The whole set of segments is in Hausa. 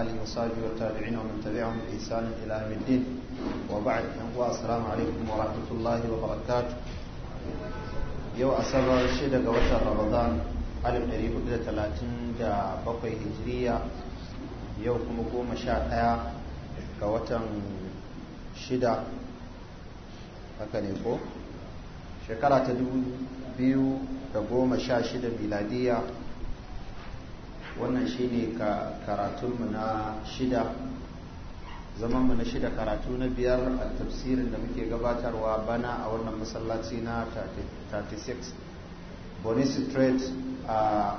آله وصحبه والتابعين ومن تبعهم بإحسان إلى يوم الدين وبعد السلام عليكم ورحمة الله وبركاته يو أسبر شدة وشهر رمضان على القريب إلى 30 بقي هجرية yau kuma goma sha ɗaya ga watan shida haka ne ko shekara ta dubu biyu da goma sha shida miladiya wannan shine ka karatunmu na shida zamanmu na shida karatu na biyar a tafsirin da muke gabatarwa bana a wannan masallaci na 36 bonisi trade a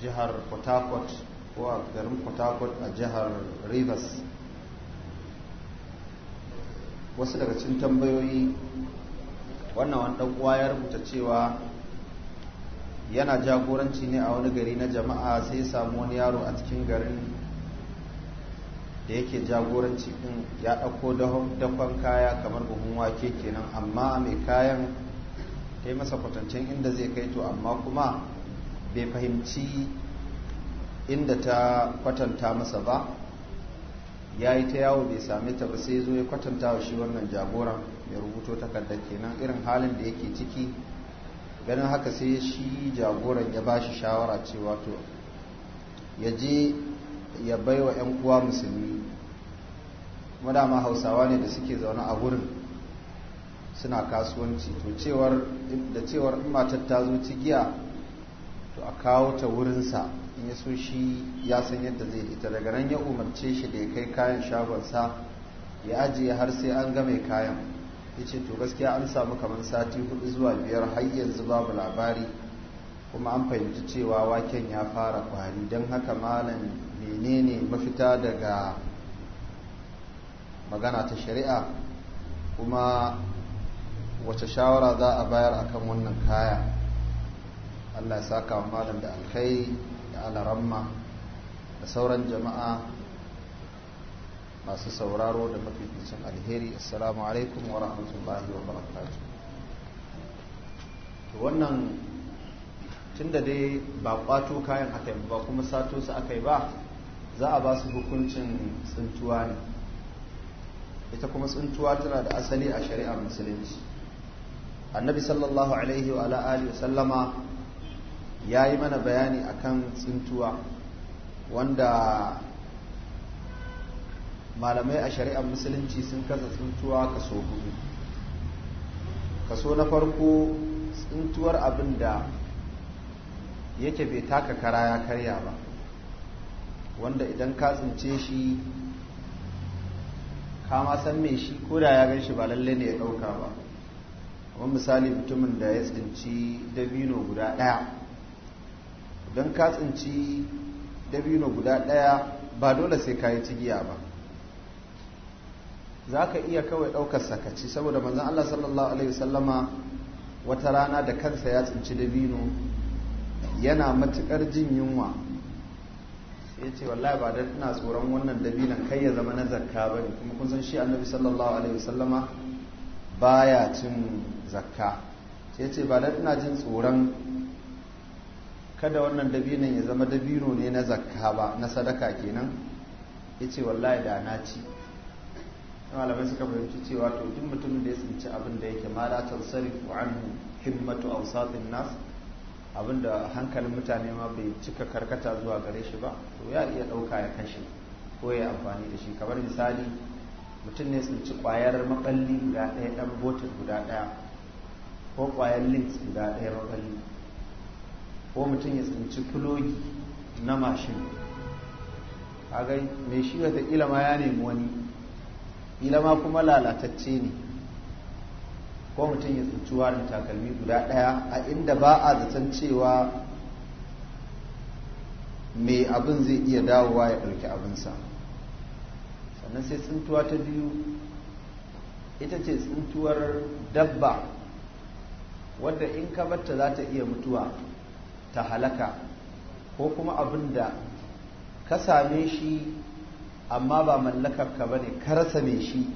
jihar port ko a garin port a jihar rivers wasu daga cikin tambayoyi wannan wani ɗan ya rubuta cewa yana jagoranci ne a wani gari na jama'a sai samu wani yaro a cikin garin da yake jagoranci din ya ɗauko dakon kaya kamar buhun wake kenan amma mai kayan ta masa kwatancen inda zai kai to amma kuma bai fahimci inda ta kwatanta masa ba ya yi ta yawo bai same ta ba sai zo ya kwatanta wa shi wannan jagoran mai rubuto takardar kenan irin halin da yake ciki ganin haka sai shi jagoran ya ba shi shawara cewa to ya je ya bai wa 'yan uwa musulmi madama hausawa ne da suke zaune a wurin suna kasuwanci to cewar da cewar in matar ta zo cigiya to a kawo ta wurinsa in ya so shi ya san yadda zai ita daga nan ya umarce shi da ya kai kayan shagonsa ya ajiye har sai an ga mai kayan ya ce to gaskiya an samu kamar sati hudu zuwa biyar har yanzu babu labari kuma an fahimci cewa waken ya fara kwari don haka malam menene mafita daga magana ta shari'a kuma wace shawara za a bayar akan wannan kaya allah ya saka wa malam da alkhairi da alaramma da sauran jama'a masu sauraro da mafificin alheri assalamu alaikum wa rahmatullahi wa barakatu to wannan tun da dai ba kwato kayan aka yi ba kuma sato su aka yi ba za a ba su hukuncin tsintuwa ne ita kuma tsintuwa tana da asali a shari'ar musulunci annabi sallallahu alaihi wa ala'ali sallama ya yi mana bayani akan tsintuwa wanda malamai a shari'ar musulunci sun kasa tsuntuwa kaso hudu kaso na farko tsuntuwar abin da yake bai taka kara ya karya ba wanda idan ka tsince shi kama san mai shi ko da ya gan shi ba lalle ne ya ɗauka ba kuma misali mutumin da ya tsinci dabino guda ɗaya don ka tsinci dabino guda ɗaya ba dole sai ka yi cigiya ba za ka iya kawai ɗaukar sakaci saboda manzan Allah sallallahu alaihi wasallama wata rana da kansa ya tsinci dabino yana matuƙar jin yunwa sai ce wallahi ba da ina tsoron wannan dabinan kai ya zama na zakka ba ne kuma kun san shi annabi sallallahu alaihi wasallama baya cin zakka sai ce ba da ina jin tsoron kada wannan dabinan ya zama dabino ne na zakka ba na sadaka kenan Ya ce wallahi da na ci malamai suka fahimci cewa to duk mutumin da ya tsinci abin da yake ma la tansarifu anhu himmatu awsatin nas abin hankalin mutane ma bai cika karkata zuwa gare shi ba to ya iya ɗauka ya kashe ko ya amfani da shi kamar misali mutum ne tsinci ƙwayar maballi guda ɗaya ɗan botin guda ɗaya ko kwayar lint guda ɗaya maballi ko mutum ya tsinci fulogi na mashin kagai mai shi wata ma ya nemi wani kila ma kuma lalatacce ne ko mutum ya tsuci wani takalmi guda ɗaya a inda ba a zaton cewa mai abin zai iya dawowa ya ɗauki abinsa sannan sai tsintuwa ta biyu ita ce tsintuwar dabba wadda in ka batta za ta iya mutuwa ta halaka ko kuma abin da ka same shi amma ba mallakarka ka bane ka rasa me shi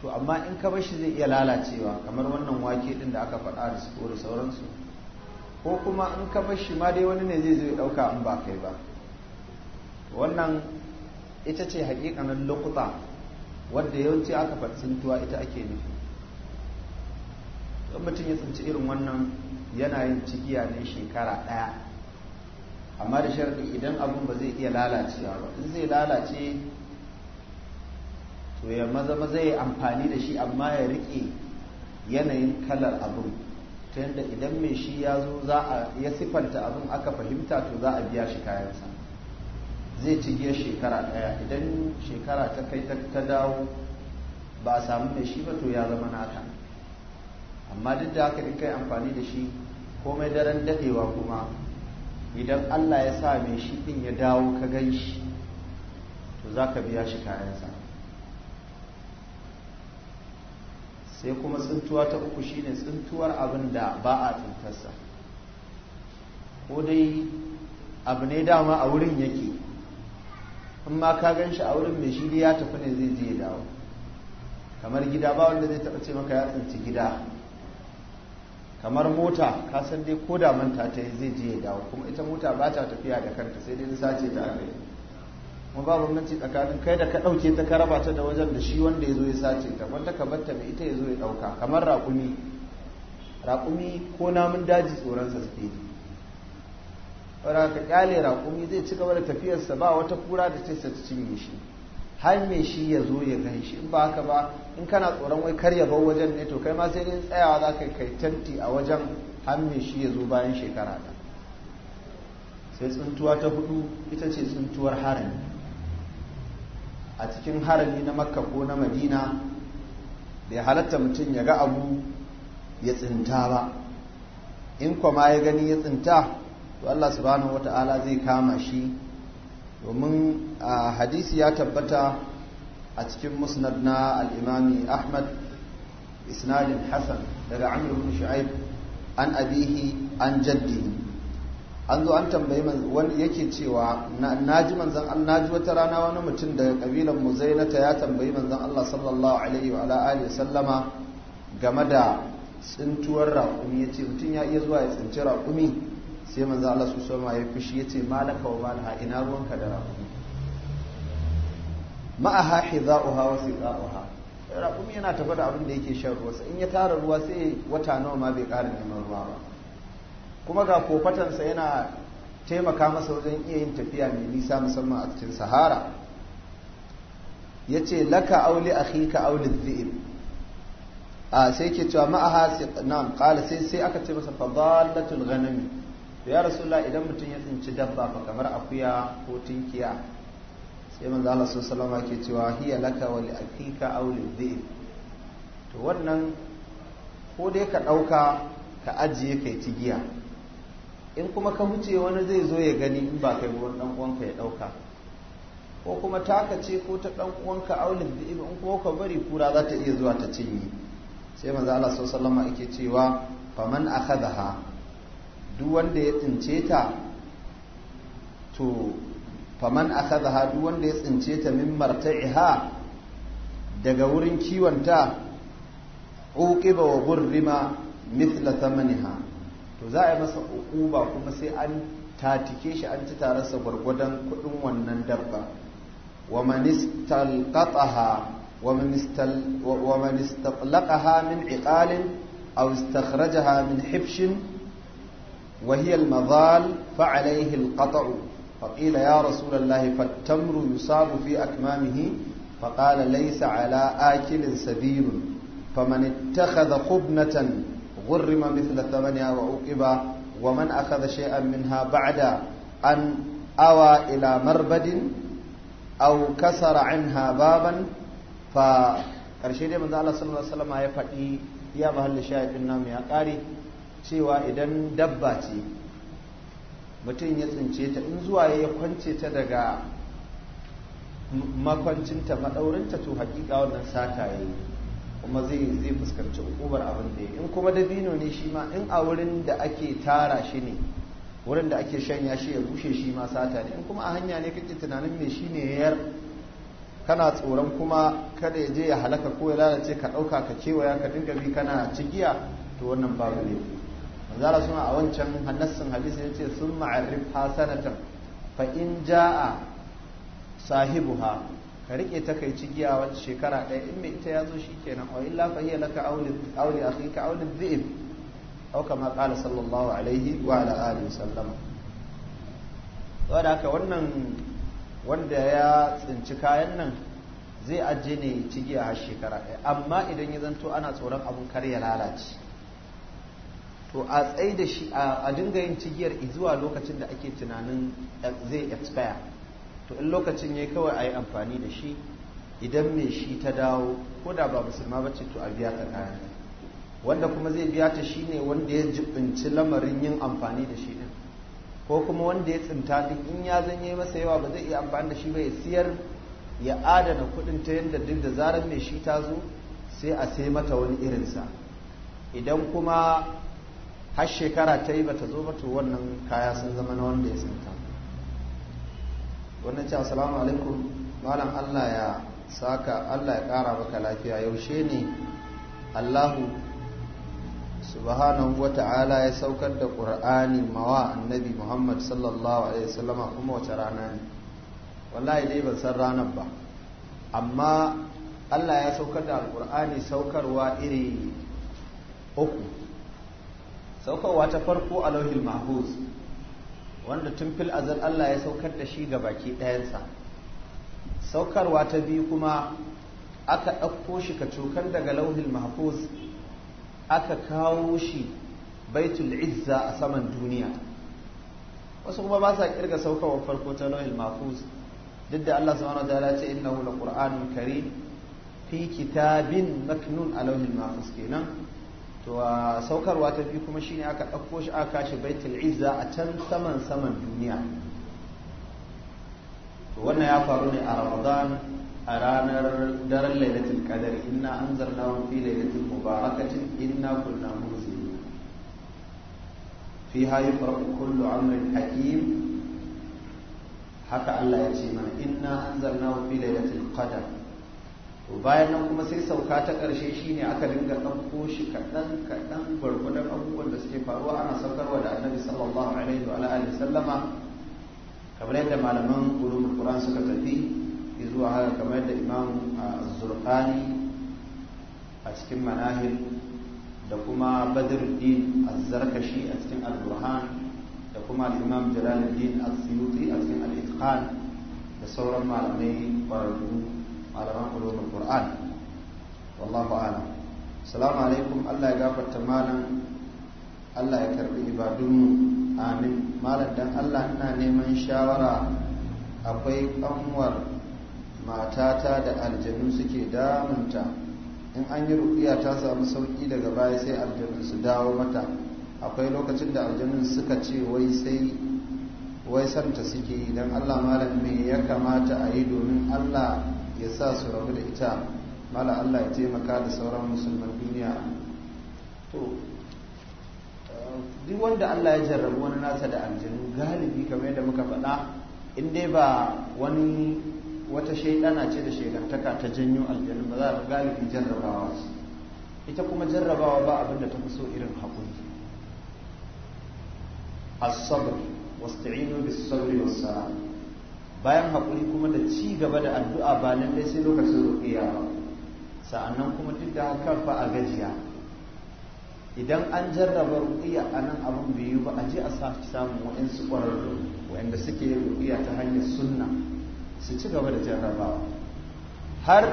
to amma in ka bashi zai iya lalacewa kamar wannan wake din da aka faɗa da su da sauransu ko kuma in ka bashi ma dai wani ne zai zo ɗauka in ba kai ba wannan ita ce haƙiƙanin lokuta wadda yawanci aka fatsintuwa ita ake nufi in mutum ya tsinci irin wannan yana yin cikiya ne shekara ɗaya amma da sharɗi idan abin ba zai iya lalacewa ba in zai lalace to ya maza maza ya amfani da shi amma ya rike yanayin kalar abin ta yadda idan mai shi ya zo za a ya siffanta abin aka fahimta to za a biya shi kayansa zai ci giyar shekara ɗaya idan shekara ta kai ta dawo ba a samu mai shi ba to ya zama naka amma duk da haka in kai amfani da shi komai daren daɗewa kuma idan Allah ya sa mai shi din ya dawo ka gan shi to za ka biya shi kayansa sai kuma tsintuwa ta uku shine tsintuwar abin da ba a tsintarsa ko dai abu ne dama a wurin yake in ma ka gan shi a wurin mai shi ya tafi ne zai je dawo kamar gida ba wanda zai taɓa ce maka ya tsinci gida kamar mota ka san dai ko da manta ta yi zai je ya dawo kuma ita mota ba ta tafiya da kanta sai dai sace ta aka kuma ba bambanci tsakanin kai da ka ɗauke ta ka raba ta da wajen da shi wanda ya zo ya sace ta wanda ka batta mai ita ya zo ya ɗauka kamar raƙumi raƙumi ko namun daji tsoronsa suke ba ka ƙyale raƙumi zai ci gaba da tafiyarsa ba wata kura da ce ta cinye shi har me shi ya zo ya gan shi in ba haka ba in kana tsoron wai kar ya bar wajen ne to kai ma sai dai tsayawa za ka kai tanti a wajen har me shi ya zo bayan shekara ta sai tsuntuwa ta hudu ita ce tsuntuwar harami a cikin harami na makka ko na madina bai halatta mutum ya ga abu ya tsinta ba in ma ya gani ya tsinta to allah subhanahu ta'ala zai kama shi domin a hadisi ya tabbata a cikin musnad na al'imami ahmad isnalin hassan daga amurin shu'aib an abihi an jaddihi an zo an tambayi wani yake cewa na ji manzan an na wata rana wani mutum daga mu Zainata, ya tambayi manzan Allah sallallahu alaihi wa alihi sallama game da tsintuwar raƙumi ya ce mutum ya iya zuwa ya tsinci raƙumi sai manzo Allah su sama ya fushi yace malaka wa malaha ina ruwanka da raƙumi ma'aha hidha'uha wa siqa'uha raƙumi yana tafa da abin da yake shan ruwa sai in ya tara ruwa sai wata nawa ma bai ƙara neman ruwa ba kuma ga kofatansa yana taimaka masa wajen iya yin tafiya mai nisa musamman a cikin sahara yace laka auli akhika auli dhi'ib a sai ke cewa ma'aha nan qala sai sai aka ce masa fadallatul ghanami to ya rasulullah idan mutum ya tsinci dabba fa kamar akuya ko tinkiya sai manzo Allah sallallahu alaihi ke cewa hiya laka wa li akika aw li to wannan ko dai ka dauka ka ajiye kai tigiya in kuma ka huce wani zai zo ya gani in ba kai ruwan dan uwanka ya dauka ko kuma taka ce ko ta dan uwanka aulin da in kuma ka bari kura za ta iya zuwa ta cinye sai manzo Allah sallallahu alaihi wasallam ke cewa faman akhadha duk wanda ya tsince ta to faman zaha duk wanda ya tsince ta min iha daga wurin kiwonta uqiba wa burrima mithla thamaniha to za a yi masa uquba kuma sai an tatike shi an ci tararsa gwargwadon kudin wannan dabba wa man istalqataha ومن استل ومن استطلقها من عقال أو min وهي المظال فعليه القطع فقيل يا رسول الله فالتمر يصاب في أكمامه فقال ليس على آكل سبيل فمن اتخذ خبنة غرم مثل ثمنها وعوقبا ومن أخذ شيئا منها بعد أن أوى إلى مربد أو كسر عنها بابا فأرشيد من الله صلى الله عليه وسلم يا فتي يا مهل شاهد النام يا قاري cewa idan dabba ce mutum ya tsince ta in zuwa ya kwance ta daga makwancinta maɗaurinta to haƙiƙa wannan sata ya yi kuma zai fuskanci hukumar abin da in kuma dabino ne shi ma in a wurin da ake tara shi ne wurin da ake shanya shi ya bushe shi ma sata ne in kuma a hanya ne kake tunanin me shi ne yar kana tsoron kuma kada ya je ya halaka ko ya lalace ka ɗauka ka kewaya ka dinga bi kana cigiya to wannan babu ne zara suna a wancan hannassin hadisi ya ce sun ma'arif hasanatan fa in ja'a sahibuha ka rike ta kai cigiya wata shekara ɗaya in mai ita ya zo shi kenan wa illa fa hiya laka auli ka auli dhi'ib aw kama qala sallallahu alaihi wa ala alihi sallama da haka wannan wanda ya tsinci kayan nan zai ajiye ne cigiya har shekara ɗaya amma idan ya zanto ana tsoron abun kar ya lalace to a tsaye da shi a dinga yin cigiyar zuwa lokacin da ake tunanin eh, zai expire to in lokacin ya kawai a yi amfani da shi idan mai shi ta dawo ko da ba musulma ba ce to a biya ta kayan wanda kuma zai biya ta shi ne wanda ya jibinci lamarin yin amfani da shi din ko kuma wanda ya tsinta duk in ya zanye masa yawa ba zai iya amfani da shi ba ya siyar ya adana kuɗin ta yadda duk da zarar mai shi ta zo sai a sai mata wani irinsa idan kuma har shekara ta yi bata zo ba to wannan kaya sun zama na wanda ya santa wannan ce assalamu alaikum malam Allah ya saka Allah ya kara maka lafiya yaushe ne Allahu subhanahu wa ta'ala ya saukar da Qur'ani mawa annabi Muhammad sallallahu alaihi wasallama kuma wace rana ne wallahi dai ban san ranar ba amma Allah ya saukar da Alƙur'ani saukarwa iri uku saukowa ta farko a lauhin mahfuz wanda tun fil azal Allah ya saukar da shi ga baki ɗayansa saukarwa ta biyu kuma aka ɗauko shi ka cokar daga lauhin mahfuz aka kawo shi baitul izza a saman duniya wasu kuma ba sa kirga saukarwa farko ta lauhin mahfuz duk da Allah subhanahu wataala ya ce innahu laqur'anun karim fi kitabin maknun a lauhin mahfuz kenan to a saukarwa ta biyu kuma shine aka ɗauko shi aka kashi baitul izza a can saman saman duniya to wannan ya faru ne a ramadan a ranar daren lailatul qadar inna anzalnahu fi lailatul mubarakatin inna kunna munzirin fiha yufraqu kullu amrin hakim haka Allah ya ce mana inna anzalnahu fi lailatul qadar bayan nan kuma sai sauka ta ƙarshe shine aka dinga ɗauko shi kaɗan kaɗan gwargwadon abubuwan da suke faruwa ana saukarwa da annabi sallallahu alaihi wa alihi sallama kamar yadda malaman ulumul qur'an suka tafi zuwa haka kamar yadda imam az-zurqani a cikin manahil da kuma badruddin az-zarkashi a cikin al-burhan da kuma imam jalaluddin az-suyuti a cikin al-itqan da sauran malamai ƙwararru malaman ulumul qur'an wallahu a'lam assalamu alaikum Allah ya gafarta malam Allah ya karbi ibadunmu amin malam dan Allah ina neman shawara akwai kanwar matata da aljanu suke damunta in an yi rukiya ta samu sauƙi daga baya sai aljanun su dawo mata akwai lokacin da aljanun suka ce wai sai wai santa suke yi don allah malam me ya kamata a yi domin allah ya sa su rabu da ita mala Allah ya taimaka da sauran musulman duniya to duk wanda Allah ya jarrabu wani nasa da aljanu galibi kamar yadda muka faɗa in dai ba wani wata shaidana ce da shaidantaka ta janyo aljanu ba za a galibi jarrabawa ita kuma jarrabawa ba abin da ta fi so irin haƙuri as-sabr wasta'inu bis-sabri was bayan haƙuri kuma da ci gaba da addu'a ba dai sai lokacin ruƙiya ba sa'annan kuma duk da haka fa a gajiya idan an jarraba ruƙiya a nan abin biyu ba a je a sake samun waɗansu ƙwararru waɗanda suke yin ruƙiya ta hanyar sunna su ci gaba da jarrabawa har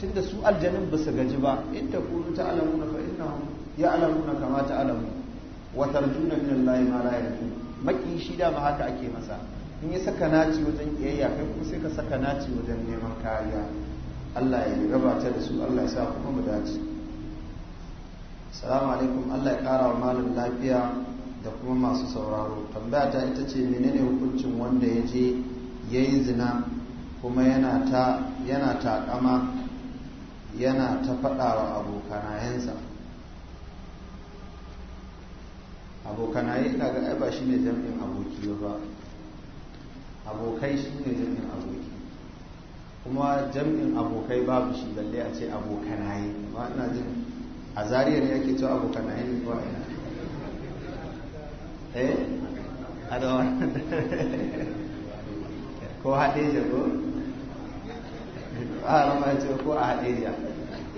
tunda su aljanin ba su gaji ba in ta kunu ta alamuna fa innahum ya alamuna kama ta alamu wa tarjuna min allahi ma la yarju maki shi haka ake masa in yi saka naci wajen kiyayya kai kuma sai ka saka naci wajen neman kariya Allah ya gabata da su Allah ya sa kuma mu dace salamu alaikum Allah ya kara wa malam lafiya da kuma masu sauraro tambaya ta ita ce menene hukuncin wanda ya je ya yi zina kuma yana ta yana kama yana ta faɗa wa abokanayensa abokanaye ina ga ai ba shine jam'in aboki ba abokai shi ne jam'in aboki kuma jam'in abokai babu shi balle a ce abokanaye ba ina jin a zariyar ke cewa abokanaye ne ba ina eh adawa ko hadeja ko a rama ce ko a hadeja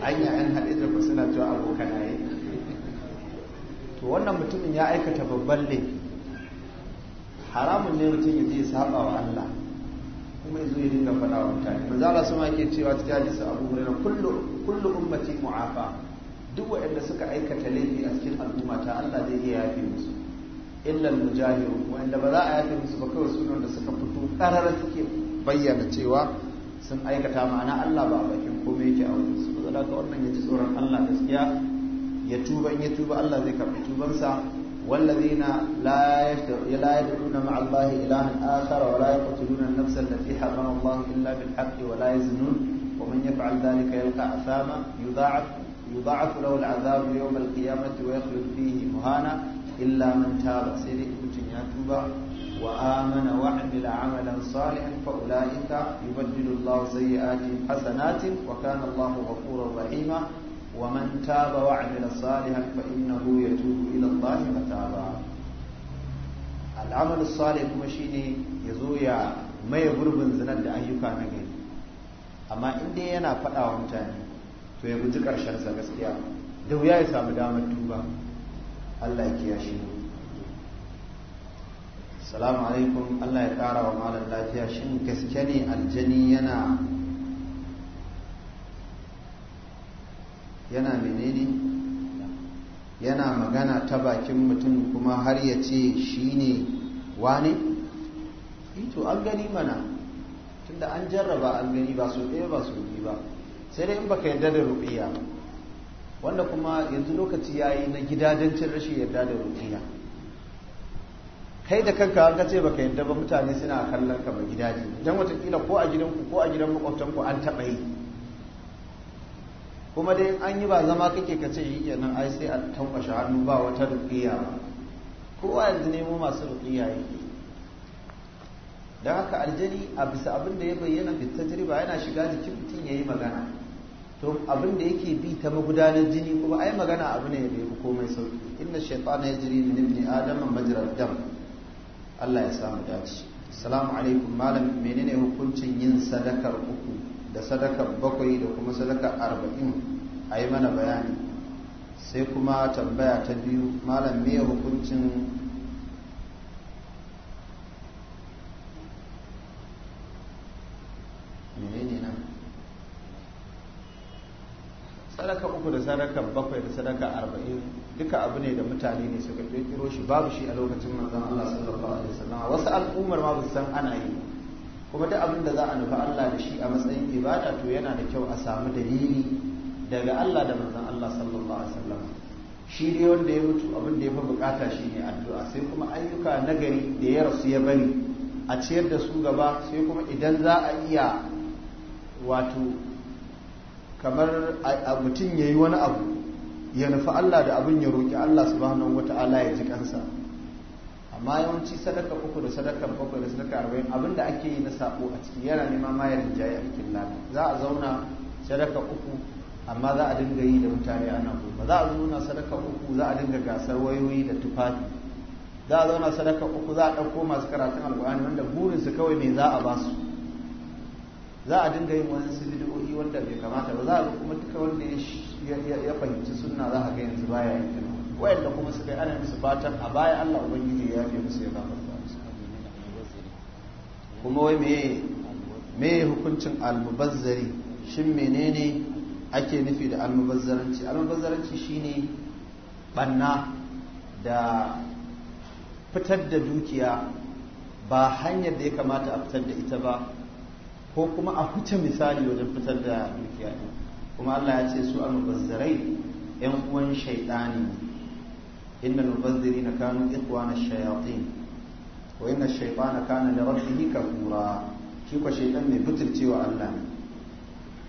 an yi an hadeja ko suna cewa abokanaye to wannan mutumin ya aikata babban laifi haramun ne mutum ya je ya saba wa Allah kuma ya zo ya dinga faɗa wa mutane manzo Allah sama yake cewa cikin hadisi Abu Hurairah kullu kullu ummati mu'afa duk waɗanda suka aikata laifi a cikin al'umma ta Allah zai iya yafe musu illa al-mujahirun wanda ba za a yafe musu ba kawai sunan da suka fito karar suke bayyana cewa sun aikata ma'ana Allah ba a bakin komai yake a wurin su ba za ka wannan ya ji tsoron Allah gaskiya ya tuba in ya tuba Allah zai karɓi tubansa والذين لا لا يدعون مع الله إلها آخر ولا يقتلون النفس التي حرم الله إلا بالحق ولا يزنون ومن يفعل ذلك يلقى أثاما يضاعف يضاعف له العذاب يوم القيامة ويخلد فيه مهانا إلا من تاب سيدك يتوب وآمن وعمل عملا صالحا فأولئك يبدل الله سيئاتهم حسنات وكان الله غفورا رحيما Wa da har تاب وعمل صالحا فإنه يتوب إلى الله متابا العمل Sale kuma shine yazo ya maye gurbin zinar da ayyuka na gari amma in dai yana faɗawa mutane to ya guji ƙarshen sa gaskiya da wuya ya samu damar tuba Allah ya kiyashe mu salamu alaikum Allah ya ƙara wa malam lafiya shin gaske ne aljani yana yana menene yana magana ta bakin mutum kuma har ya ce shi ne wane ito eh an gani mana tunda an jarraba an gani ba su ɗaya ba su biyu ba sai dai in baka yarda da ruƙiya wanda kuma yanzu lokaci ya yi na gidadancin rashin yarda da ruƙiya kai da kanka an kace baka yarda ba mutane suna kallon ka ba gidaje dan watakila ko a gidanku ko a gidan makwabtanku an taɓa yi kuma dai an yi ba zama kake ka ce yi nan ai sai a tambashi hannu ba wata rukiya kowa yanzu nemo masu rukiya yake don haka aljani a bisa abin da ya bayyana tajriba yana shiga jikin mutum ya yi magana to abin da yake bi ta magudanar jini kuma ai magana abu ne da yafi komai sauki inna shaytana yajri min ibni adama majra dam Allah ya samu dace assalamu alaikum malam menene hukuncin yin sadakar uku da sadaka bakwai da kuma sadaka arba'in a yi mana bayani sai kuma tambaya ta biyu malam me hukuncin menene nan sadaka uku da sadaka bakwai da sadaka arba'in duka abu ne da mutane ne suka ƙirƙiro shi babu shi a lokacin manzon Allah sallallahu alaihi wasallam wasu al'ummar ma ba san ana yi kuma duk abin da za a nufi Allah da shi a matsayin ibada to yana da kyau a samu dalili daga Allah da manzon Allah sallallahu alaihi wasallam shi ne wanda ya mutu abin da ya fi bukata shi ne addu'a sai kuma ayyuka nagari da ya rasu ya bari a ciyar da su gaba sai kuma idan za a iya wato kamar a mutum ya yi wani abu ya nufi Allah da abin ya roƙi Allah subhanahu wata'ala ya ji kansa amma yawanci sadaka uku da sadaka bakwai da sadaka arba'in abinda ake yi na sako a ciki yana nema ma ya rinjaye a cikin lada za a zauna sadaka uku amma za a dinga yi da mutane ana gobe za a zauna sadaka uku za a dinga gasar wayoyi da tufafi za a zauna sadaka uku za a ɗauko masu karatun alƙur'ani wanda burinsu kawai me za a ba su za a dinga yin wani su bidiyoyi wanda bai kamata ba za a kuma duka wanda ya fahimci suna za a ga yanzu baya yin wayanda kuma suka yi ana musu fatan a baya Allah ubangiji ya fi musu ya gafarta musu kuma wai me hukuncin almubazzari shin menene ake nufi da almubazzaranci almubazzaranci shine banna da fitar da dukiya ba hanyar da ya kamata a fitar da ita ba ko kuma a huce misali wajen fitar da dukiya kuma Allah ya ce su almubazzarai yan uwan shaidani ne innal mubazzirina kanu ikhwana ash-shayatin wa inna ash-shaytana kana li rabbih kafura shi ko mai butulcewa Allah ne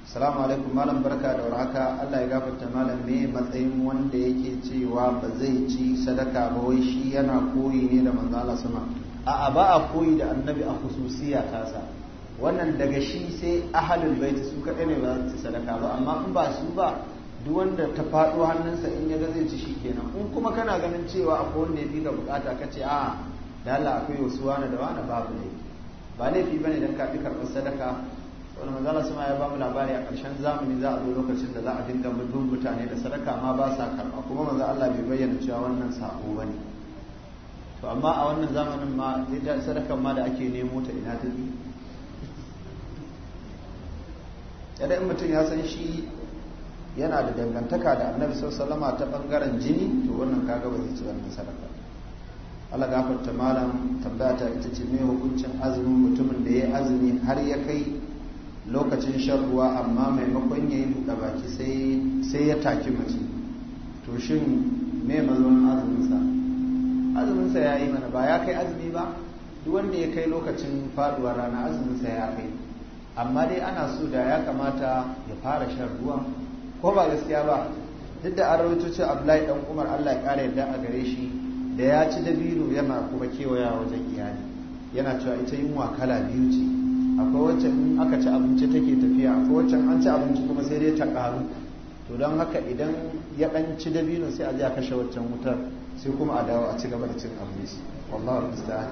assalamu alaikum malam barka da warhaka Allah ya gafarta malam me matsayin wanda yake cewa ba zai ci sadaka ba wai shi yana koyi ne da manzo Allah a'a ba a koyi da annabi a khususiya tasa wannan daga shi sai ahalul baiti su kaɗai ne ba su sadaka ba amma in ba su ba duk wanda ta faɗo hannunsa in ya ga zai ci shi kenan in kuma kana ganin cewa akwai wanda ya fi ga bukata ka ce a da Allah akwai wasu wani da wani babu ne ba laifi bane don ka fi karɓar sadaka wani manzala su ma ya ba mu labari a ƙarshen zamani za a zo lokacin da za a dinga bin mutane da sadaka ma ba sa karɓa kuma manzo Allah bai bayyana cewa wannan sako ne to amma a wannan zamanin ma sadakan ma da ake nemo ta ina ta bi yadda in mutum ya san shi yana da dangantaka da annabi salama ta bangaren jini to wannan kaga ba zai ci wannan sadaka Allah gafarta malam tambata ita ce mai hukuncin azumin mutumin da ya azumi har ya kai lokacin shan ruwa amma maimakon ya yi buɗe baki sai ya taki mace to shin me mazaunin azuminsa azuminsa ya yi mana ba ya kai azumi ba duk wanda ya kai lokacin faduwa rana azuminsa ya kai amma dai ana so da ya kamata ya fara shan ruwan ko ba gaskiya ba duk da an rawaito Abdullahi dan Umar Allah ya kare yadda a gare shi da ya ci dabiru yana kuma kewaya wajen iyali yana cewa ita yunwa kala biyu ce akwai wacce in aka ci abinci take tafiya akwai wacce an ci abinci kuma sai dai ta karu to don haka idan ya dan ci dabino sai a ji a kashe waccan wutar sai kuma a dawo a ci gaba da cin abinci wallahi musta'an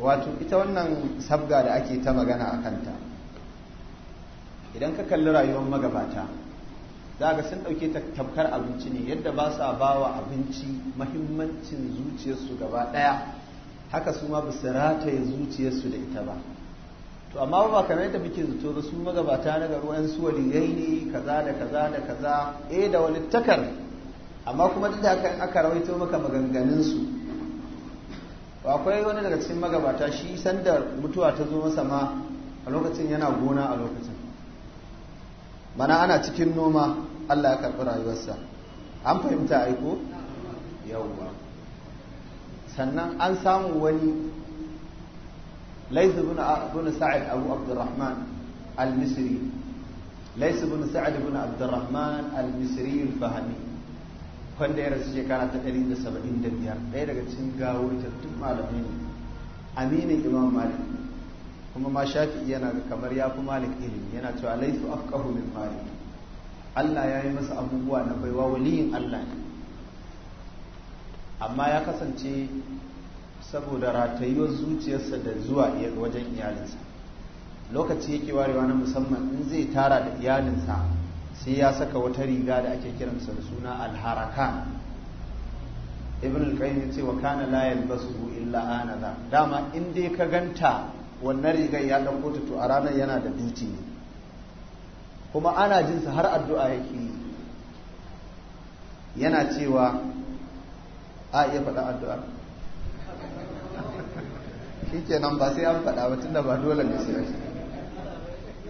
wato ita wannan sabga da ake ta magana a kanta idan ka kalli rayuwar magabata za ga sun ɗauke ta tamkar abinci ne yadda ba sa ba wa abinci mahimmancin zuciyarsu gaba ɗaya haka su ma basu rataye zuciyarsu da ita ba to amma ba kamar yadda muke zato da su magabata na garu yan su waliyai ne kaza da kaza da kaza e da wani takar amma kuma duk da aka aka rawaito maka maganganunsu. akwai wani daga cikin magabata shi sandar mutuwa ta zo masa ma a lokacin yana gona a lokacin mana ana cikin noma Allah ya karɓi rayuwarsa an fahimta aiko yawwa sannan an samu wani ليس بن Abu أبو Al-Misri. المصري ليس بن سعد بن Al-Misri, المصري الفهمي wanda ya rasu shekara ta 175 ɗaya daga cikin gawo ta tun malamai ne aminin imam malik kuma ma shafi'i yana ga kamar ya fi malik ilimi yana cewa laisu afqahu min malik Allah ya yi masa abubuwa na baiwa waliyin Allah ne amma ya kasance saboda ratayuwar zuciyarsa da zuwa wajen iyalinsa lokaci yake warewa na musamman in zai tara da iyalinsa sai ya saka wata riga da ake kiransa da suna alharaka ibn al-qayyim ce wa kana la yalbasu illa anadha dama in dai ka ganta wannan rigar ya ɗan ta to a ranar yana da duti ne kuma ana jinsa har addu'a yake yi yana cewa a iya faɗa addu'a shi kenan ba sai an faɗa ba tunda ba dole ne sai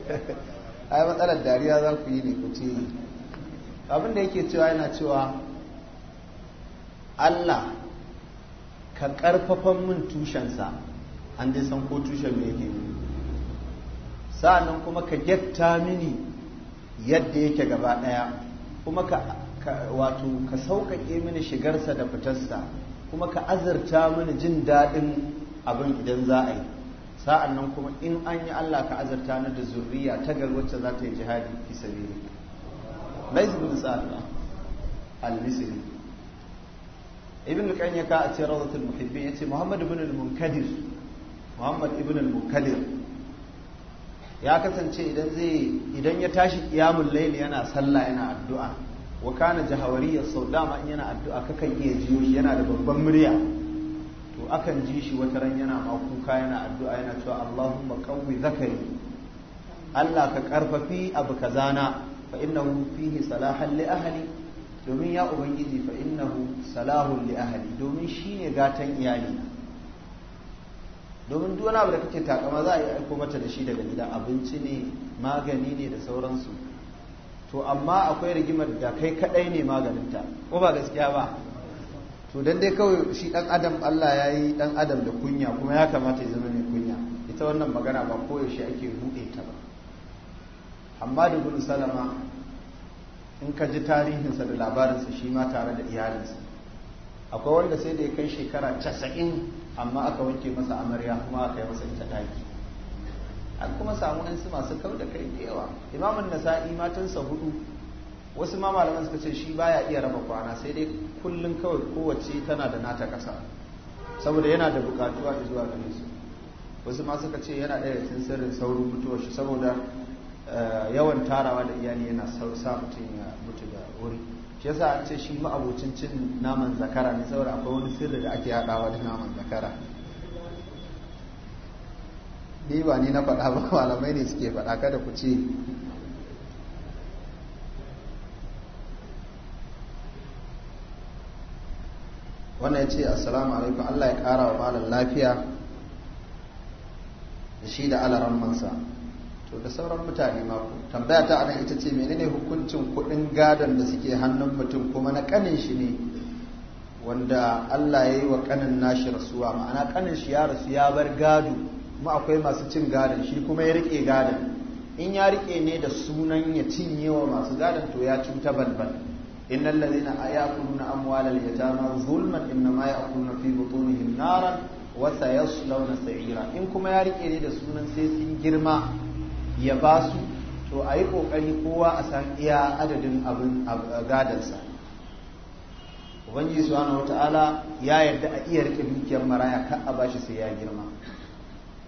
ai matsalar dariya za ku yi ne ku ce abin da yake cewa yana cewa Allah ka ƙarfafan min tushensa an dai san ko tushen me yake sa'annan kuma ka getta mini yadda yake gaba ɗaya kuma ka wato ka sauƙaƙe mini shigarsa da fitarsa kuma ka azarta mini jin daɗin abin idan za a yi sa'annan kuma in an yi Allah ka azarta na da zurriya ta garwacce za ta yi jihadi fi sabili al-misri ibn al-qayyim ya ka a cikin rawdatul muhibbin yace muhammad ibn al-munkadir muhammad ibn al ya kasance idan zai idan ya tashi qiyamul layl yana sallah yana addu'a wa kana jahawariya sau dama in yana addu'a kakan iya jiyo shi yana da babban murya to akan ji shi wata ran yana makuka yana addu'a yana cewa Allahumma qawwi zakari Allah ka karfafi abu kazana fa innahu fihi salahan li ahli domin ya ubangiji fa innahu salahun li ahli domin shine gatan iyalina domin duk wani da kake takama za a yi aiko mata da shi daga gida abinci ne magani ne da sauransu to amma akwai rigimar da kai kadai ne maganinta ko ba gaskiya ba to dan dai kawai shi dan adam Allah ya yi dan adam da kunya kuma ya kamata ya zama mai kunya ita wannan magana ba koyaushe ake buɗe ta ba amma da gudun salama in ka ji tarihinsa da labarinsa shi ma tare da iyalinsa akwai wanda sai da ya kai shekara casa'in amma aka wanke masa amarya kuma aka yi masa ita daki an kuma samu su masu kau da kai da yawa imamun nasa'i matansa hudu wasu ma malaman suka ce shi baya iya raba kwana sai dai kullum kawai kowace tana da nata kasa saboda yana da bukatuwa zuwa gare su wasu ma suka ce yana daya cikin sirrin saurin mutuwar shi saboda eh, yawan tarawa da iyali yana sa mutum ya mutu da wuri shi yasa an ce shi ma'abocin cin naman zakara ne saboda akwai wani sirri da ake hada da naman zakara ni ba ni na faɗa ba malamai ne suke faɗa kada ku ce wannan ya ce assalamu alaikum Allah ya ƙara wa malam lafiya da shi da alaran mansa to da sauran mutane ma ku tambaya ta anan ita ce menene hukuncin kuɗin gadon da suke hannun mutum kuma na kanin shi ne wanda Allah ya yi wa kanin nashi rasuwa ma'ana kanin shi ya rasu ya bar gado kuma akwai masu cin gadon shi kuma ya rike gadon in ya rike ne da sunan ya cinye wa masu gadon to ya cuta balbal zulman inna ma ya'kuluna fi butunihim nara wa sayaslawna sa'ira In kuma ya rike ne da sunan sai sun girma? ya ba su to a yi ƙoƙari kowa a san iya adadin abin gadansa ubangiji subhanahu wata'ala ya yarda a iya rike dukiyar maraya kan a bashi sai ya girma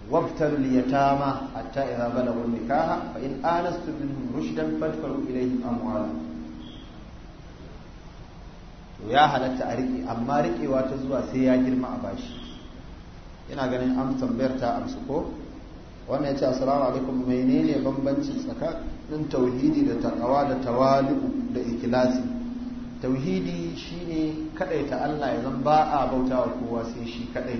wabtalul a hatta idza wani nikaha fa in anastu minhum rushdan fadfaru ilayhim amwalahum to ya halatta a riƙe amma riƙewa ta zuwa sai ya girma a bashi yana ganin amsa tambayar ta amsu ko wannan ya ce assalamu alaikum menene bambanci tsakanin tauhidi da takawa da tawali'u da ikilasi tauhidi shine ta Allah ya zan ba a bauta wa kowa sai shi kaɗai,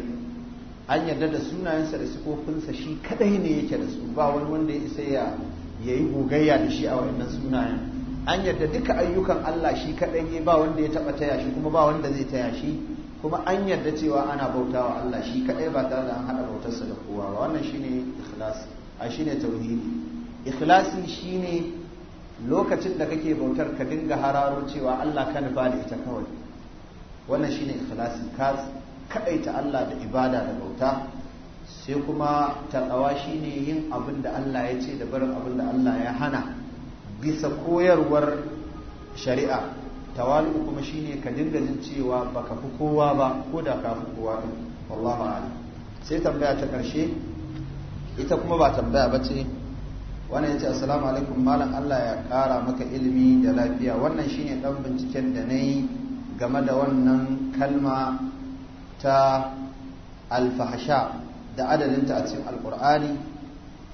an yarda da sunayensa da sikofinsa shi kaɗai ne yake da su ba wani wanda ya isa ya yayi gogayya da shi a wannan sunayen an yarda duka ayyukan Allah shi kaɗai ne ba wanda ya taba taya shi kuma ba wanda zai taya shi kuma an yarda cewa ana bauta wa Allah shi kadai ba tare da an haɗa bautarsa da kowa ba wannan shine ikhlasi a shine tauhidi ikhlasi shine lokacin da kake bautar ka dinga hararo cewa Allah ka nufa da ita kawai wannan shine ikhlasi ka ta Allah da ibada da bauta sai kuma tarawa shine yin abin da Allah ya ce da barin abin da Allah ya hana bisa koyarwar shari'a tawali kuma shine ka dinga jin cewa baka fi kowa ba ko da ka fi kowa ba wallahi ma'ana sai tambaya ta karshe ita kuma ba tambaya ba ce wannan yace assalamu alaikum malam Allah ya kara maka ilimi da lafiya wannan shine dan binciken da nayi game da wannan kalma ta alfahasha da adadinta a cikin alqur'ani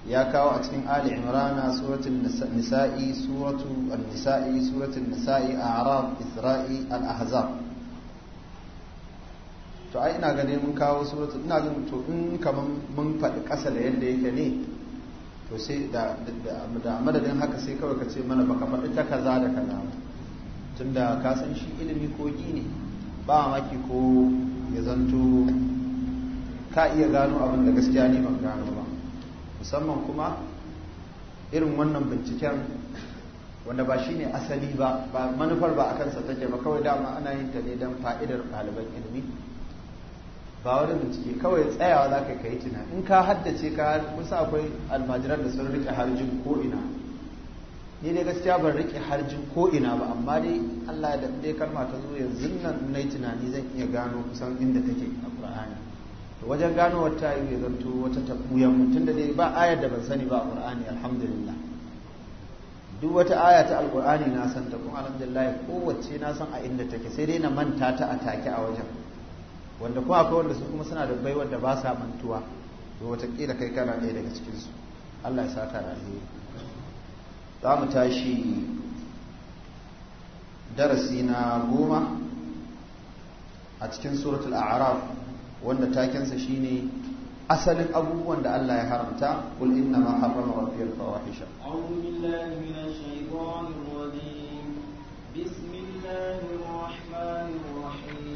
ya kawo a cikin ali imrana suratul nisa'i suratul nisa'i suratul nisa'i a'raf isra'i al-ahzab to ai ina ganin mun kawo suratul ina ganin to in kaman mun faɗi ƙasa da yadda yake ne to sai da madadin haka sai kawai ka ce mana baka faɗi ta kaza da kaza tunda ka san shi ilimi kogi ne ba maki ko ya zanto ka iya gano abin da gaskiya ne ban gano ba musamman kuma irin wannan binciken wanda ba shi ne asali ba ba manufar ba a kansa take ba kawai dama ana yin ta ne don fa'idar ɗaliban ilimi ba wani bincike kawai tsayawa za ka yi tuna, in ka haddace ka kusa akwai almajiran da sun rike harjin ko'ina ni dai gaskiya ban rike harjin ko'ina ba amma dai allah da ɗaya kalma ta zo yanzu nan na yi tunani zan iya gano kusan inda take a ƙura'ani. wajen gano wata yi zanto wata tabbuyan mutum da dai ba ayar da ban sani ba a ƙur'ani alhamdulillah duk wata aya ta alƙur'ani na san ta kuma alhamdulillah kowace na san a inda take sai dai na manta ta a take a wajen wanda kuma akwai wanda su kuma suna da baiwar da ba sa mantuwa to watakila kai kana ɗaya daga cikin su Allah ya saka da alheri za mu tashi darasi na goma a cikin suratul a'raf wanda takensa shine asalin abubuwan da Allah ya haramta qul inna ma harrama rabbi fawahisha a'udhu billahi minash rajim bismillahir rahmanir rahim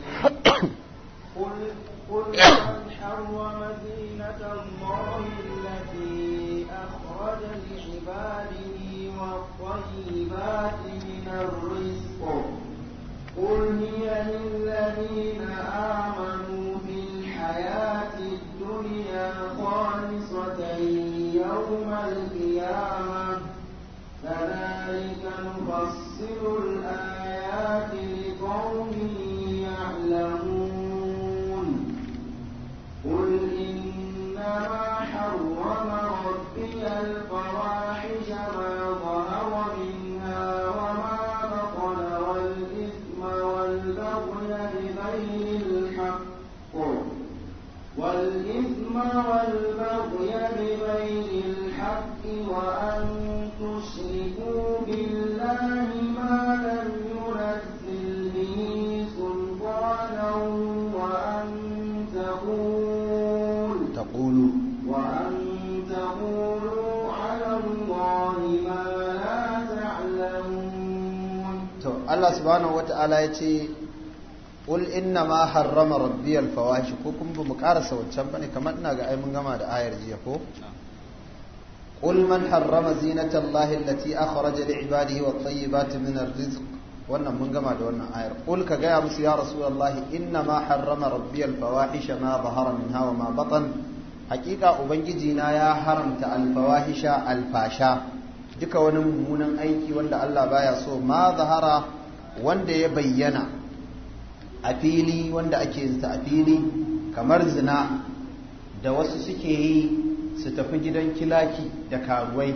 qul qul harrama zinata allahi allati akhraja li ibadihi tayyibati الدنيا خالصة يوم القيامة كذلك نفصل الآيات لقوم subhanahu wata'ala ya ce ul inna ma harrama rabbi al-fawahish ko kun ba mu karasa wancan bane kamar ina ga ai mun gama da ayar jiya ko قل من حرم زينة الله التي أخرج لعباده والطيبات من الرزق wannan mun gama da wannan ayar qul ka gaya musu ya rasulullahi inna ma harrama rabbi alfawahisha ma zahara minha wa ma batan haqiqa ubangiji na ya haramta alfawahisha alfasha duka wani mummunan aiki wanda Allah baya so ma zahara wanda ya bayyana a fili wanda ake yin a fili kamar zina da wasu suke yi su tafi gidan kilaki da karuwai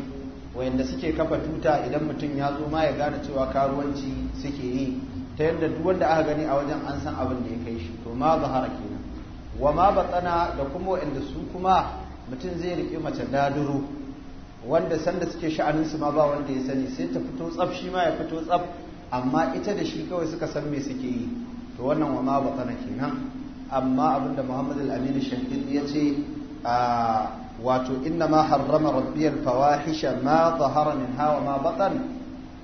wayanda suke kafa tuta idan mutum ya zo ma ya gane cewa karuwanci suke yi ta yadda duk wanda aka gani a wajen an san abin da ya kai shi to ma zahara kenan wa ma batsana da kuma wayanda su kuma mutum zai riƙe mace daduro wanda sanda suke sha'anin su ma ba wanda ya sani sai ta fito tsaf shi ma ya fito tsaf amma ita da shi kawai suka san me suke yi to wannan wa ma batsana kenan amma abinda Muhammadu al-Amin Shankir ya ce wato inna ma harrama rabbiyal fawahisha ma zahara minha wa ma batan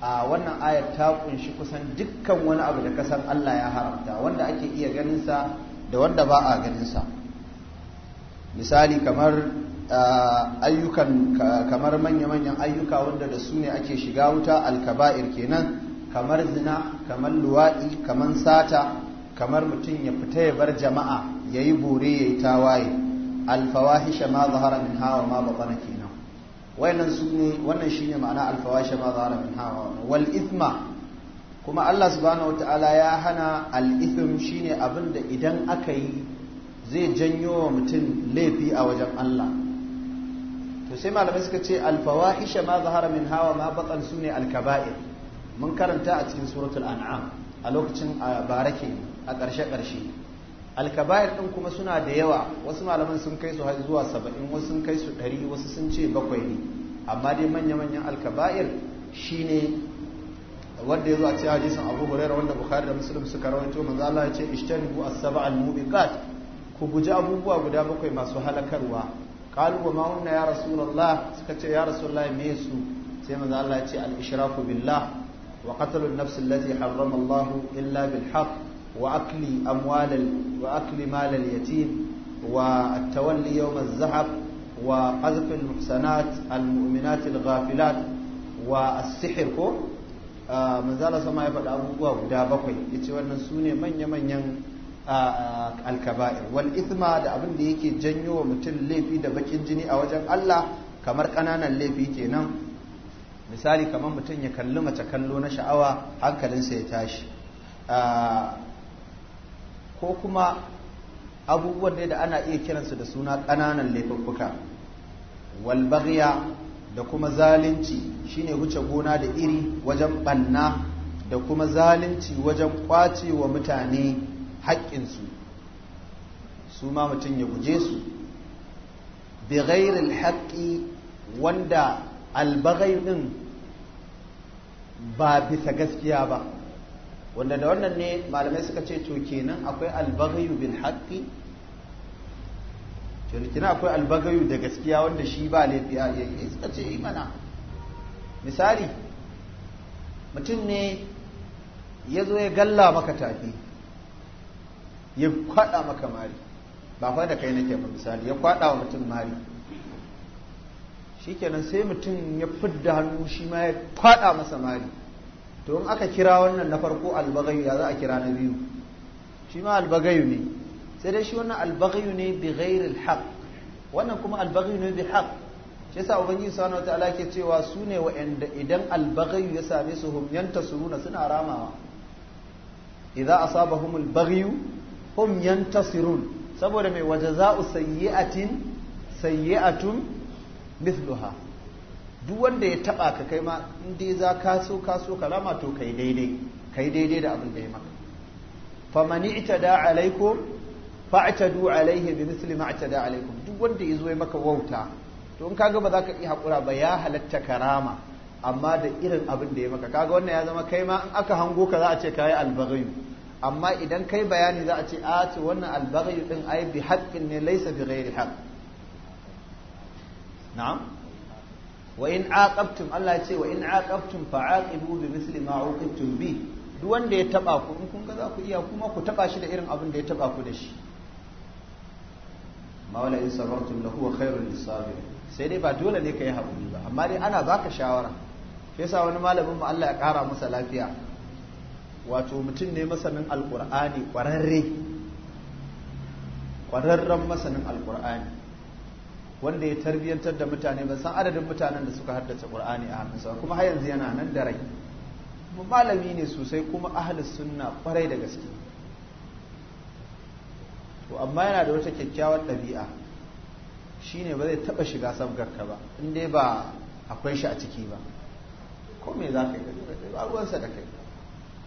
a wannan ayar ta kunshi kusan dukkan wani abu da kasan Allah ya haramta wanda ake iya ganinsa da wanda ba a ganinsa misali kamar ayyukan kamar manya-manyan ayyuka wanda da su ne ake shiga wuta alkaba'ir kenan kamar zina kamar luwaɗi kamar sata kamar mutum ya fita ya bar jama'a ya yi bore ya yi tawaye alfawahisha ma zahara min hawa ma batana kenan wayannan su ne wannan ne ma'ana alfawahisha ma zahara min hawa wal ithma kuma Allah subhanahu wataala ya hana al'ithim shine abin da idan aka yi zai janyo wa mutum laifi a wajen Allah to sai malamai suka ce alfawahisha ma zahara min hawa ma batan sune alkaba'ir mun karanta a cikin suratul an'am a lokacin a barake a ƙarshe-ƙarshe alkabayar ɗin kuma suna da yawa wasu malaman sun kai su har zuwa saba'in wasu sun kai su ɗari wasu sun ce bakwai ne amma dai manya-manyan alkabayar shine wanda ya zo a ce hadisin abu hurera wanda bukhari da muslim suka rawaito manzo Allah ya ce ishtanibu as-sab'a al-mubiqat ku guji abubuwa guda bakwai masu halakarwa qalu wa ma hunna ya rasulullah suka ce ya rasulullah me su sai manzo Allah ya ce al-ishraku billah وقتل النفس التي حرم الله إلا بالحق وأكل أموال وأكل مال اليتيم والتولي يوم الزحف وقذف المحسنات المؤمنات الغافلات والسحر كو manzala sama ya faɗi abubuwa guda bakwai ya ce wannan su ne manya-manyan alkaba'ir wal ithma da abin da yake janyo wa mutum laifi da bakin jini a wajen Allah kamar ƙananan laifi kenan misali kamar mutum ya kalli mace kallo na sha'awa hankalinsa ya tashi ah, ko kuma abubuwan dai da ana iya kiransu da suna ƙananan laifuffuka walbarya da kuma zalunci shine wuce gona da iri wajen ɓanna da kuma zalunci wajen ƙwacewa wa mutane haƙƙinsu su ma mutum ya guje su bi ghairil haƙƙi wanda albagai ɗin ba bisa gaskiya ba wanda da wannan ne malamai suka ce to kenan akwai albagayu bil haqqi to kenan akwai albagayu da gaskiya wanda shi ba laifi a yayi suka ce imana misali mutum ne ya zo ya galla maka tafi ya kwada maka mari ba fa da kai nake ba misali ya kwada wa mutum mari shikenan sai mutum ya fidda hannu shi ma ya kwada masa mari to in aka kira wannan na farko albagayu ya za a kira na biyu shi ma albagayu ne sai dai shi wannan albagayu ne bi ghairil haqq wannan kuma albagayu ne bi haqq shi yasa ubangiji subhanahu wataala ke cewa su ne wa'anda idan albagayu ya same su hum yantasiruna suna ramawa idza asabahum albagyu hum yantasirun saboda mai wajaza'u sayyi'atin sayyi'atun mithluha duk wanda ya taba ka kai ma in dai za ka so ka so ka rama to kai daidai kai daidai da abin da ya maka Fa man i'tada alaikum fa'tadu alaihi bi misli ma i'tada alaikum duk wanda ya zo ya maka wauta to in kaga ba za ka iya hakura ba ya halatta karama amma da irin abin da ya maka kaga wannan ya zama kai ma aka hango ka za a ce kai albaghi amma idan kai bayani za a ce a ce wannan albaghi din ai bi haqqin ne laysa bi ghairi haqq na'am wa in aqabtum Allah ya ce wa in aqabtum fa'aqibu bi misli bi wanda ya taba ku in kun ga za ku iya kuma ku taba shi da irin abin da ya taba ku da shi ma wala in sabartum lahu wa khairul lisabir sai dai ba dole ne kai hakuri ba amma dai ana baka shawara sai yasa wani malamin mu Allah ya kara masa lafiya wato mutum ne masanin alqur'ani kwararre kwararren masanin alqur'ani wanda ya tarbiyantar da mutane ban san adadin mutanen da suka haddace qur'ani a hannunsa kuma har yanzu yana nan da rai kuma malami ne sosai kuma ahlus sunna kwarai da gaske to amma yana da wata kyakkyawar ɗabi'a shine ba zai taɓa shiga sabgarka ba in dai ba akwai shi a ciki ba ko me za ka yi ba ruwansa da kai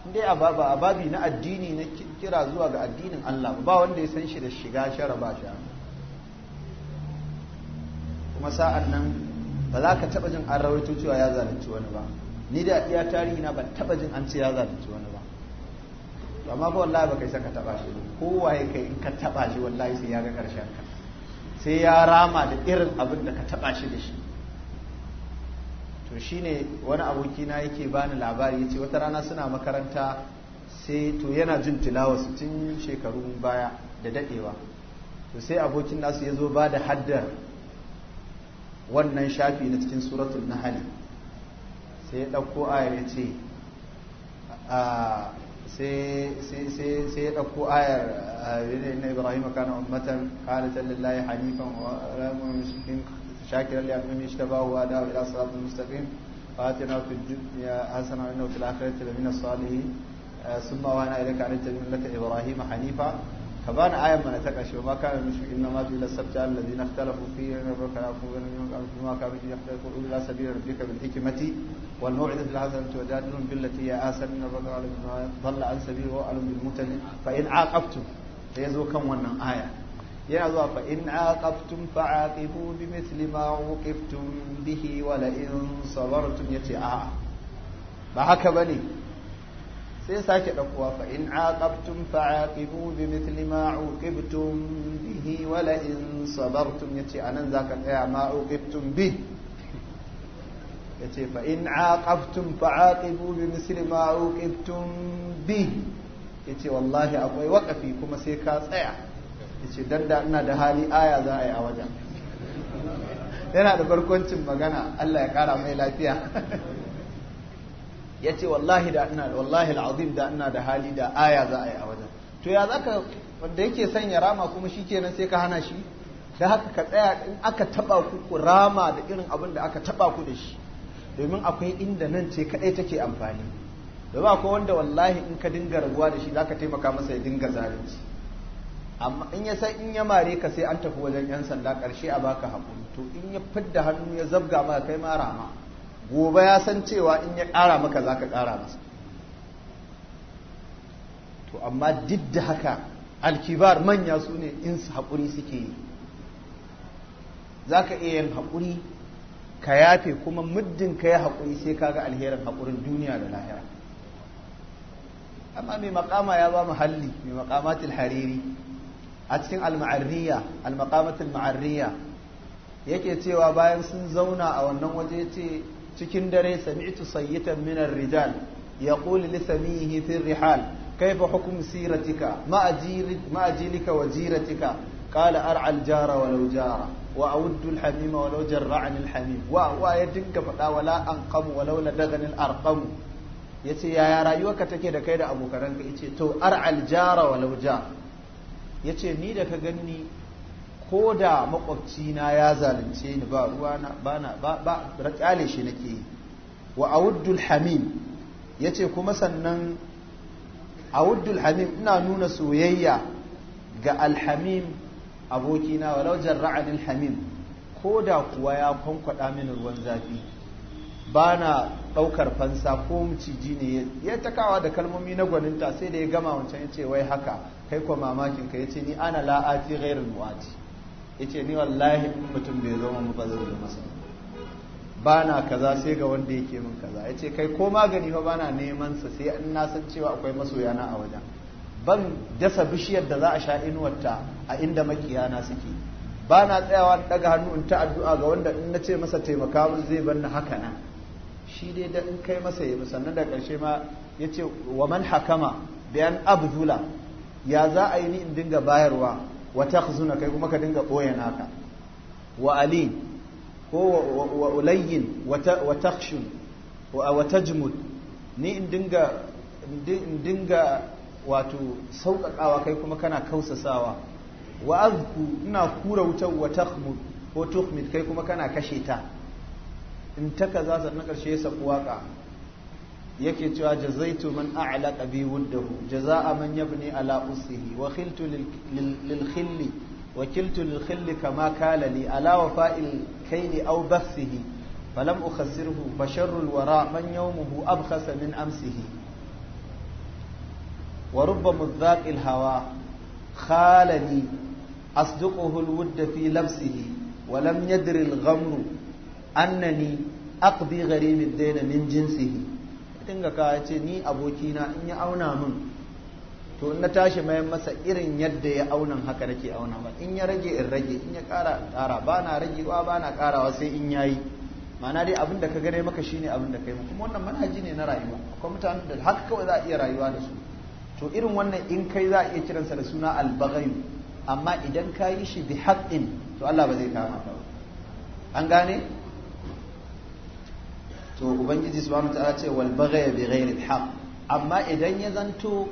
in dai ba a babi na addini na kira zuwa ga addinin Allah ba wanda ya san shi da shiga shara ba shi kuma sa'an nan ba za ka taɓa jin an rawaito cewa ya zalunci wani ba ni da iya tarihi na ban taɓa jin an ce ya zalunci wani ba to amma ba wallahi baka isa ka taɓa shi kowaye kai in ka taɓa shi wallahi sai ya ga ƙarshen ka sai ya rama da irin abin da ka taɓa shi da shi to shine wani abokina yake bani labari yace wata rana suna makaranta sai to yana jin tilawa su tun shekarun baya da daɗewa to sai abokin nasu ya zo ba da haddar wannan shafi na cikin suratul nahali sai ya ɗauko ayar ya ce sai ya ɗauko ayar ibrahim kana ummatan qalatan lillahi hanifan wa la mushrikin shakiran li an'amihi ishtabahu wa da'a ila siratin mustaqim فاتنا في الدنيا حسنه وانه في الاخره لمن الصالحين ثم وانا اليك على مله Ibrahim, حنيفا فبان آية من تكشف وما كان المشرك إنما إلى السبت الذين اختلفوا فيه إن ربك وما كان به يختلفوا إلا سبيل ربك بالحكمة والموعظة الحسنة وجادلهم بالتي هي آسر إن ربك على ضل عن سبيله وألم بالمتن فإن عاقبتم فيزو كم ونا آية يا الله فإن عاقبتم فعاقبوا بمثل ما عوقبتم به ولئن صبرتم يتي آه بني sai sake ɗaukowa fa in aqabtum aqibu bi mithli ma uqibtum bihi wa la in sabartum yace anan zaka tsaya ma uqibtum bi yace fa in aqabtum aqibu bi mithli ma uqibtum bi yace wallahi akwai waqafi kuma sai ka tsaya yace dan da ina da hali aya za a yi a wajen yana da barkwancin magana Allah ya kara mai lafiya ya ce wallahi da ina wallahi al'azim da ina da hali da aya za a yi a wajen to ya zaka wanda yake sanya rama kuma shi kenan sai ka hana shi da haka ka tsaya in aka taba ku ku rama da irin abin da aka taba ku da shi domin akwai inda nan ce kadai take amfani Da ba akwai wanda wallahi in ka dinga raguwa da shi zaka taimaka masa ya dinga zalunci amma in ya san in ya mare ka sai an tafi wajen yan sanda karshe a baka hakuri to in ya fidda hannu ya zabga ma kai ma rama gobe ya san cewa in ya ƙara maka za ka ƙara masa to amma duk da haka alkibar manya su ne in haƙuri suke yi za ka iya yin haƙuri ka yafe kuma muddin ka yi haƙuri sai ka ga alherin haƙurin duniya da lahira amma mai makama ya ba muhalli mai makamatin hariri a cikin al-ma'arriya al ma'arriya yake cewa bayan sun zauna a wannan waje ce cikin dare sami'tu sayyitan min ar-rijal yaqulu li samihi fi ar-rihal kayfa hukm siratika ma ajilika wa jiratika qala ar'a al-jara wa law jara wa awuddu al-hamima wa law jarra'ani al-hamim wa wa ya dinka fada wala anqam wa law ladagani al-arqam yace yaya rayuwarka take da kai da abokananka yace to ar'a al-jara wa law jara yace ni da ka ganni ko da na ya zalunce ni ba na ba na ba ba raƙale shi nake yi wa awuddul hamim yace kuma sannan awuddul hamim ina nuna soyayya ga alhamim abokina walau jarra'an Hamim, ko da kuwa ya kwankwada mini ruwan zafi ba na ɗaukar fansa ko miciji ne ya takawa da kalmomi na gwaninta sai da ya gama wancan ya ce wai haka kai kwa mamakin ka ya ce ni ana la'ati ghairul mu'ati yace ni wallahi mutum bai zo mun ba zai masa ba na kaza sai ga wanda yake min kaza yace kai ko magani fa bana neman sa sai in na san cewa akwai masoya na a wajen ban dasa bishiyar da za a sha inuwarta a inda makiya makiyana suke ba na tsayawa daga hannu in ta addu'a ga wanda in na ce masa taimaka mun zai bar ni haka na shi dai da in kai masa yi sannan da karshe ma yace wa man hakama bayan abdula ya za a yi ni in dinga bayarwa wa takhzuna kai kuma ka dinga boye naka wa ali ko wa ulayyin wa takhshun wa tajmud ni in dinga in dinga wato sauƙaƙawa kai kuma kana kausasawa wa azku ina kura wutar wa takhmud ko tukhmid kai kuma kana kashe ta in ta kaza sannan karshe ya saku waka yake cewa jazaitu man a'laqa bi wuddahu jazaa man yabni ala usihi wa khiltu lil khilli wa kiltu lil khilli kama kala li ala wafa'il kayli aw basihi falam ukhassirhu fa sharrul wara man yawmuhu abkhasa min amsihi wa rubba mudhaqil hawa khalani asduquhu al wudd fi labsihi wa lam yadri al ghamru annani aqdi gharim ad-dayn min dinga ka ya ce ni abokina in ya auna min to in na tashi mayan masa irin yadda ya aunan haka nake auna ba in ya rage in rage in ya kara in kara ba na ragewa ba na karawa sai in yayi ma'ana dai abin da ka gane maka shine abin da kai mu kuma wannan manhaji ne na rayuwa akwai mutanen da haka kawai za a iya rayuwa da su to irin wannan in kai za a iya kiransa da suna albaghayu amma idan ka yi shi bi haqqin to Allah ba zai kama ka an gane to ubangiji subhanahu ta'ala ce wal baghaya bi ghairi al amma idan ya zanto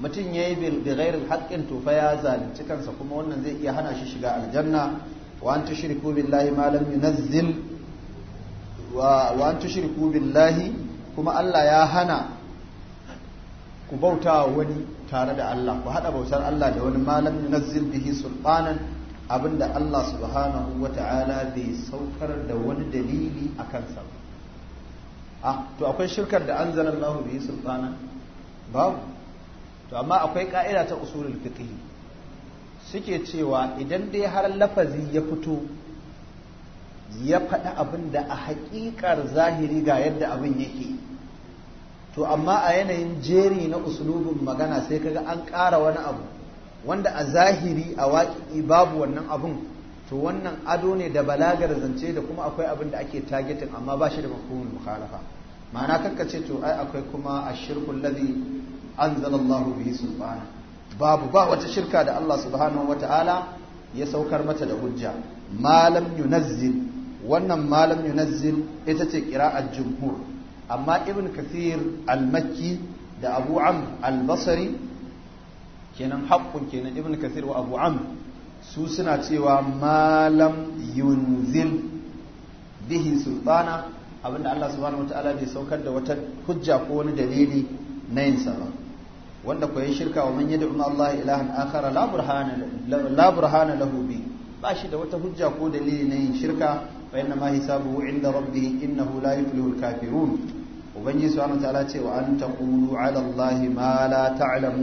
mutum yayi bi ghairi al to fa ya zalunci kansa kuma wannan zai iya hana shi shiga aljanna wa an shirku billahi ma lam yunazzil wa shirku billahi kuma Allah ya hana ku bauta wani tare da Allah ku hada bautar Allah da wani malam yunazzil bihi sultanan abinda Allah subhanahu wa ta'ala bai saukar da wani dalili a kansa ba a ah, to akwai shirkar da an zarar lahu bihi sultana babu to amma akwai ka'ida ta usulul fiqh suke cewa idan dai har lafazi ya fito ya faɗi abin da a haƙiƙar zahiri ga yadda abin yake to amma a yanayin jeri na usulubin magana sai kaga an ƙara wani abu wanda a zahiri a waƙi babu wannan abun to wannan ado ne da balagar zance da kuma akwai abin da ake targeting amma ba shi da mafhumul mukhalafa ma'ana kanka ce to ai akwai kuma ashirku alladhi anzalallahu bihi sultana babu ba wata shirka da Allah subhanahu wata'ala ya saukar mata da hujja malam yunazzil wannan malam yunazzil ita ce a jumhur amma ibn kathir al-makki da abu amr al-basri kenan haqqun kenan ibn kathir wa abu amr su suna cewa malam yunzil bihi sultana abinda Allah subhanahu wataala bai saukar da wata hujja ko wani dalili na yin sa ba wanda ko ya shirka wa man yad'u Allah ilahan akhar la burhana la burhana lahu bi ba shi da wata hujja ko dalili na yin shirka fa inna ma hisabuhu inda rabbih innahu la yuflihul kafirun ubangiji subhanahu wataala ce wa an taqulu ala Allah ma la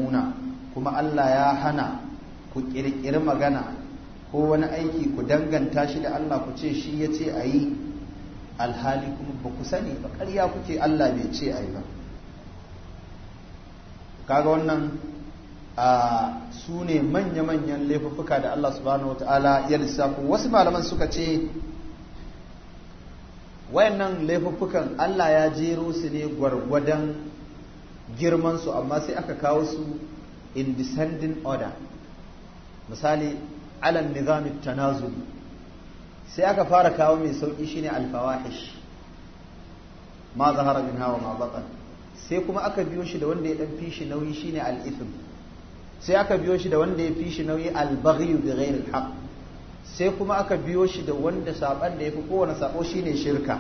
kuma Allah ya hana ku ƙirƙiri magana ko wani aiki ku danganta shi da Allah ku ce shi ya ce a yi alhali kuma ba ku sani ba ƙarya kuke Allah bai ce a yi ba kaga wannan a su ne manya-manyan laifuffuka da Allah subhanahu wa ta'ala ya lissafo wasu malaman suka ce wayannan laifuffukan Allah ya jero su ne gwargwadon girmansu amma sai aka kawo su in descending order misali alal nizami tanazuli sai aka fara kawo mai sauki shine alfawahish ma zahara min wa ma batan sai kuma aka biyo shi da wanda ya dan fi shi nauyi shine al ithm sai aka biyo shi da wanda ya fi shi nauyi al baghy bi ghairi al haqq sai kuma aka biyo shi da wanda saban da yafi kowane sabo shine shirka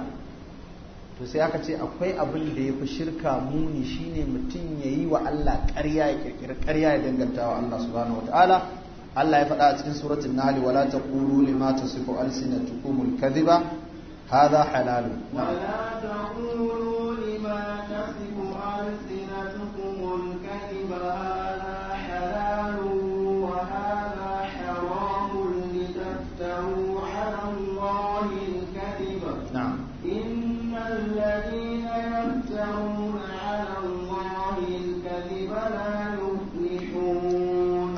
to sai aka ce akwai abin da ya fi shirka muni shine mutum ya yi wa Allah ƙarya ya ƙirƙiri ƙarya ya danganta wa Allah subhanahu wataala Allah ya faɗa a cikin suratul nahl wala taqulu lima tasifu alsinatukum alkadhiba hadha halal wala taqulu lima tasifu alsinatukum alkadhiba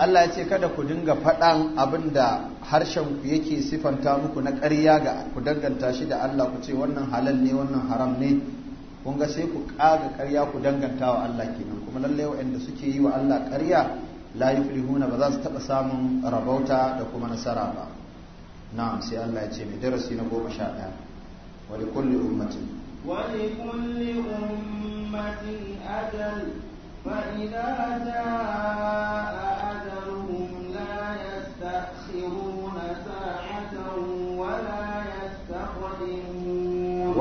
Allah ya ce kada ku dinga faɗan abin da harshen ku yake sifanta muku na ƙarya ga ku danganta shi da Allah ku ce wannan halal ne wannan haram ne kun ga sai ku ƙaga ƙarya ku danganta wa Allah kenan kuma lalle waɗanda suke yi wa Allah ƙarya la yuflihuna ba za su taɓa samun rabauta da kuma nasara ba na'am sai Allah ya ce mai darasi na goma sha ɗaya wa ummatin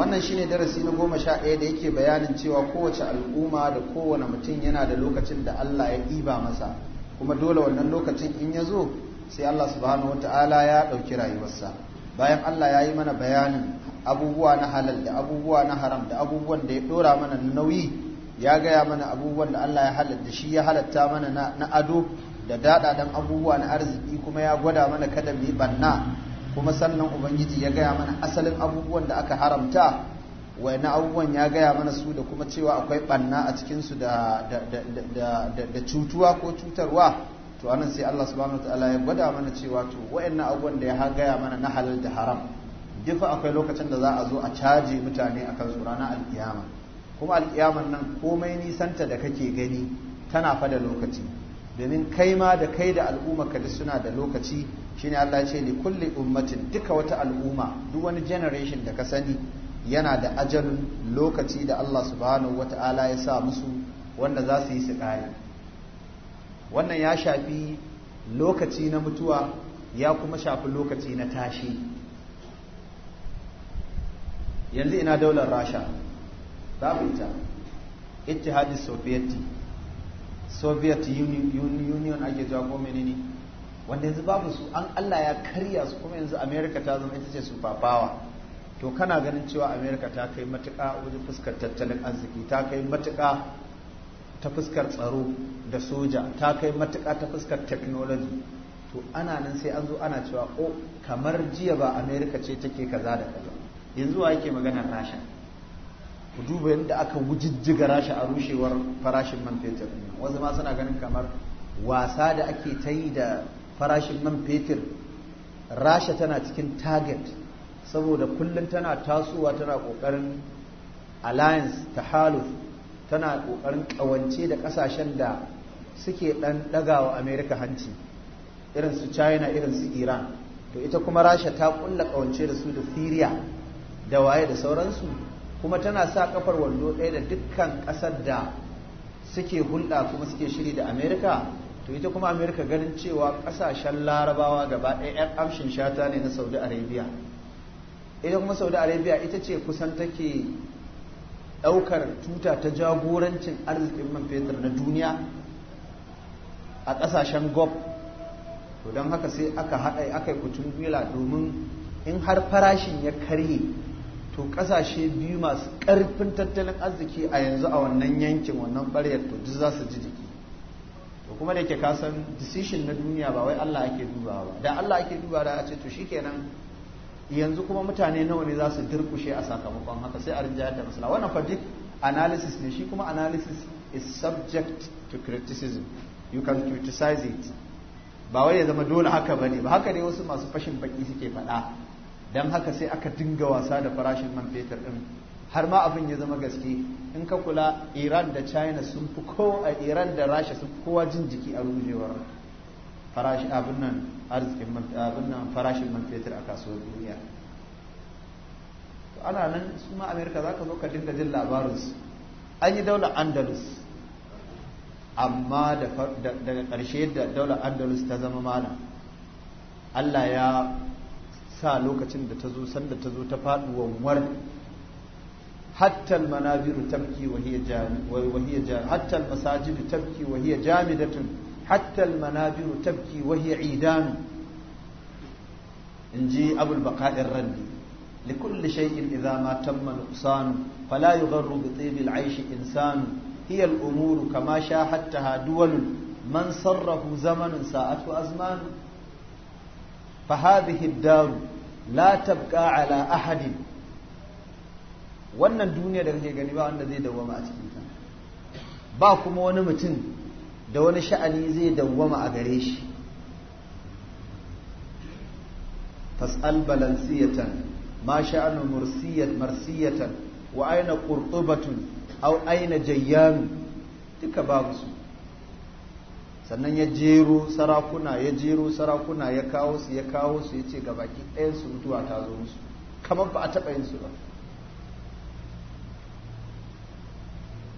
wannan shine darasi na goma sha ɗaya da yake bayanin cewa kowace al'umma da kowane mutum yana da lokacin da Allah ya ɗiba masa kuma dole wannan lokacin in ya zo sai Allah subhanahu wata'ala ya ɗauki rayuwarsa bayan Allah ya yi mana bayanin abubuwa na halal da abubuwa na haram da abubuwan da ya ɗora mana na nauyi ya gaya mana abubuwan da Allah ya halatta shi ya halatta mana na ado da daɗaɗan abubuwa na arziki kuma ya gwada mana kada mu yi banna kuma sannan ubangiji ya gaya mana asalin abubuwan da aka haramta wai na abubuwan ya gaya mana su da kuma cewa akwai banna a cikinsu da cutuwa ko cutarwa to anan sai Allah subhanahu wataala ya gwada mana cewa to wayannan abubuwan da ya gaya mana na halal da haram duk akwai lokacin da za a zo a caje mutane akan su ranar alkiyama kuma alkiyaman nan komai nisanta da kake gani tana fa da lokaci domin kai ma da kai da al'umma ka suna da lokaci shine Allah ya ce li kulli ummatin duka wata al'umma duk wani generation da ka sani yana da ajal lokaci da Allah subhanahu wata'ala ya sa musu wanda za su yi su kare wannan ya shafi lokaci na mutuwa ya kuma shafi lokaci na tashi yanzu ina daular rasha babu ita ittihadis soviyeti soviet union ake cewa ko menene wanda yanzu babu su an allah ya karya su kuma yanzu america ta zama ita ce super power to kana ganin cewa america ta kai matuka wajen fuskar tattalin arziki ta kai matuka ta fuskar tsaro da soja ta kai matuka ta fuskar technology to ana nan sai an zo ana cewa o oh, kamar jiya ba america ce take kaza da kaza yanzu wa yake maganar rasha ku duba yadda aka wujijjiga rashi a rushewar farashin man fetur wasu ma suna ganin kamar wasa da ake ta yi da farashin man fetur rasha tana cikin target saboda kullum tana tasowa tana kokarin alliance ta haluf tana kokarin kawance da kasashen da suke dan dagawa america hanci irin su china irin iran to ita kuma rasha ta kulla kawance da su da syria da waye da sauransu kuma tana sa kafar wando ɗaya da dukkan ƙasar da suke hulɗa kuma suke shiri da amerika to ita kuma amerika ganin cewa ƙasashen larabawa gaba ɗaya 'yan amshin shata ne na saudi arabia ita kuma saudi arabia ita ce kusan take ɗaukar tuta ta jagorancin arzikin man fetur na duniya a ƙasashen gob to don haka sai aka haɗa aka yi kutun domin in har farashin ya karye to kasashe biyu masu karfin tattalin arziki a yanzu a wannan yankin wannan ɓaryar to duk za su ji jiki to kuma da yake kasan decision na duniya ba wai Allah ake dubawa ba da Allah ake dubawa da a ce to shikenan yanzu kuma mutane nawa ne za su durkushe a sakamakon haka sai a rinjayar da masala wannan fa duk analysis ne shi kuma analysis is subject to criticism you can criticize it ba wai ya zama dole haka bane ba haka ne wasu masu fashin baki suke faɗa don haka sai aka dinga wasa da farashin man fetur ɗin har ma abin ya zama gaske in ka kula iran da china sun fi kowa iran da rasha sun fi kowa jin jiki a rujewar farashin abin nan farashin man fetur a kasuwar duniya to ana nan su ma amerika za ka zo ka dinga jin labarinsu an yi daular andalus amma daga ƙarshe da daular andalus ta zama malam Allah ya sa lokacin da ta zo sanda ta zo ta faɗuwan war hatta manabiru tabki wa hiya jami wa hiya hatta almasajidu tabki wa hiya jamidatun hatta almanaziru tabki wa hiya idan inji abul baqa'ir randi لكل شيء إذا ما تم نقصان فلا يغر بطيب العيش إنسان هي الأمور كما شاهدتها دول من صره زمن ساءته أزمان فهذه الدار لا تبقى على أحد wannan duniya da kake gani ba wanda zai dawwama a cikin ta ba kuma wani mutum da wani sha'ani zai dawwama a gare shi fas'al balansiyatan ma sha'anu mursiyat marsiyatan wa aina qurtubatun aw aina jayyanu duka babu su sannan ya jero sarakuna ya jero sarakuna ya kawo su ya kawo su ya ce ga baki ɗayan su mutuwa ta zo musu kamar ba a taɓa yin su ba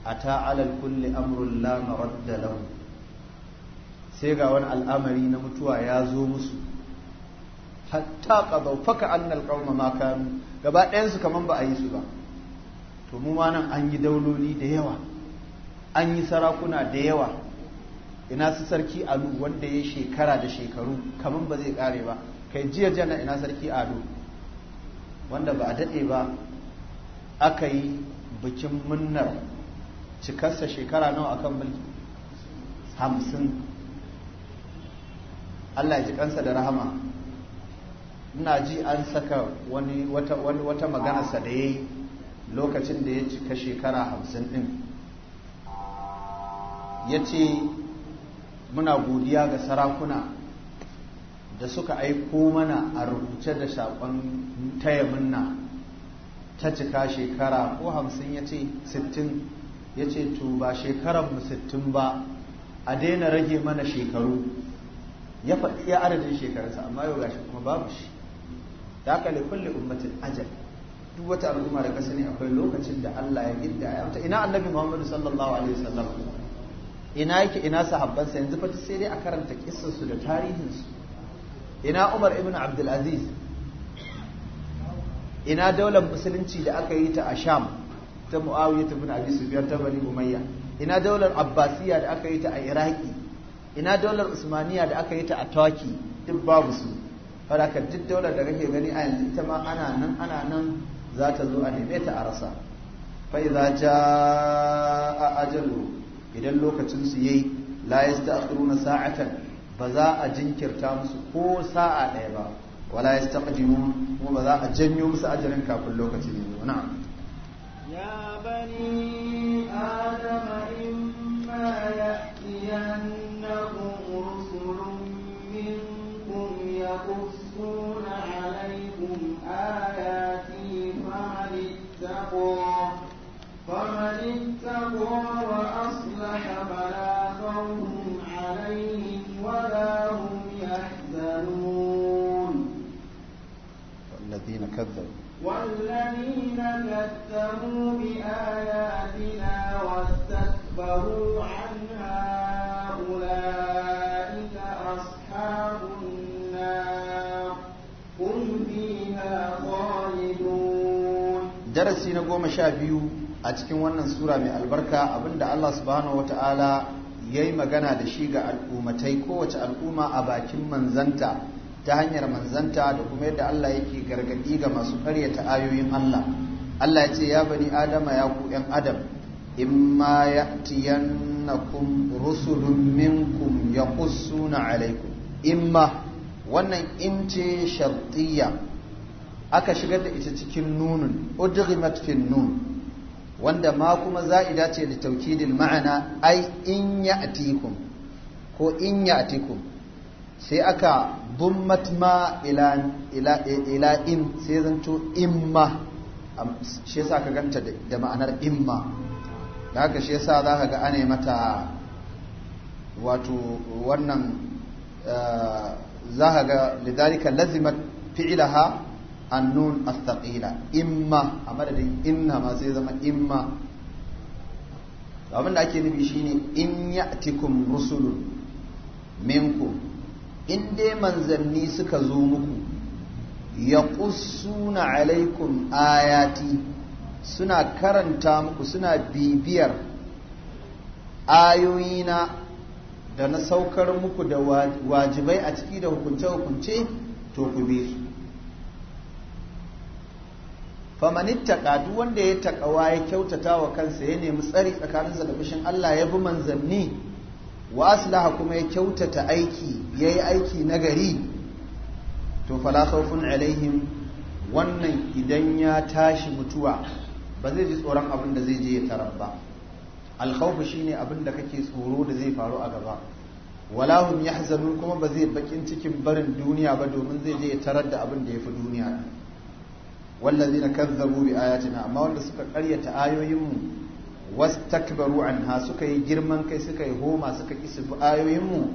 a ta alal kulli amrun la maradda lahu sai ga wani al'amari na mutuwa ya zo musu hatta qadaw faka annal qauma ma kanu gaba ɗayan kamar ba a yi su ba to mu ma nan an yi dauloli da yawa an yi sarakuna da yawa ina su sarki alu wanda ya shekara da shekaru kamar ba zai kare ba kai jiya jana ina sarki alu wanda ba a daɗe ba aka yi bikin munar cikarsa shekara nawa akan mulki hamsin Allah ji kansa da rahama ina ji an saka wani wata, wata maganarsa da ya yi lokacin da ya cika shekara hamsin din. ya ce muna godiya ga sarakuna da suka aiko mana a rubuce da shakon taya munna ta cika shekara ko hamsin ya ce sittin ya ce to ba mu sittin ba a daina rage mana shekaru ya faɗi ya adadin shekarunsa amma yau gashi kuma babu shi da haka le kulli ummatin ajal duk wata al'umma da ka sani akwai lokacin da Allah ya gidda ya ina annabi Muhammadu sallallahu alaihi wasallam ina yake ina sahabbansa yanzu fa sai dai a karanta su da tarihinsu ina Umar ibn Abdul Aziz ina daular musulunci da aka yi ta a Sham ta Muawiya ibn Abi Sufyan ta Bani Umayya ina daular Abbasiya da aka yi ta a Iraki ina daular Usmaniya da aka yi ta a Turkey duk babu su faraka duk daular da kake gani a yanzu ita ma ana nan ana nan za ta zo a neme ta a rasa fa idza jaa ajaluhu idan lokacin su yayi la yasta'khiruna sa'atan ba za a jinkirta musu ko sa'a daya ba wala yastaqdimun kuma ba za a janyo musu ajalin kafin lokacin ne na'am ya bani adama imma ya'tiyannakum rusulun minkum yaqussuna alaykum ayati fa'ittaqu فمن اتقى وأصلح فلا خوف عليهم ولا هم يحزنون والذين كذبوا والذين كذبوا بآياتنا واستكبروا عنها أولئك أصحاب النار هم فيها خالدون درسي نقوم شابيو a cikin wannan sura mai albarka abinda Allah subhanahu ta'ala ya yi magana da shi ga al'ummatai kowace al'umma a bakin manzanta ta hanyar manzanta da kuma yadda Allah yake gargadi ga masu karyata ayoyin Allah Allah ya ce ya bani adama ya ku ‘yan adam ma ya tiyannakum rusulun minkum ya alaiku? In imma wannan in ce shartiyya aka shigar da ita cikin nunun udghimat fin nun wanda ma kuma za'ida ce da taukidin ma'ana ai in atikum ko in atikum sai aka dummat ma ila ila ila in sai zanto imma shi yasa ka ganta da ma'anar imma da haka shi yasa za ka ga ane mata wato wannan eh, za ka ga lidalika lazimat fi'ilaha annun astaqila imma a madadin inna ma zai zama imma abin da ake nufi shine in ya'tikum rusulun minku, in dai manzanni suka zo muku ya ƙusuna alaikum ayati suna karanta muku suna bibiyar ayoyina da na saukar muku da wajibai a ciki da hukunce-hukunce to ku bi su faman ittaqa duk wanda ya takawa ya kyautata wa kansa ya nemi tsari tsakaninsa da fushin Allah ya bi manzanni wa aslaha kuma ya kyautata aiki yayi aiki nagari to fala khawfun alaihim wannan idan ya tashi mutuwa ba zai ji tsoron abin da zai je ya tarar ba alkhawfu shine abin da kake tsoro da zai faru a gaba wala hum yahzanun kuma ba zai bakin cikin barin duniya ba domin zai je ya tarar da abin da yafi duniya wallazina kazzabu bi ayatina amma wanda suka karyata ayoyinmu wastakbaru anha suka yi girman kai suka yi homa suka ki su ayoyinmu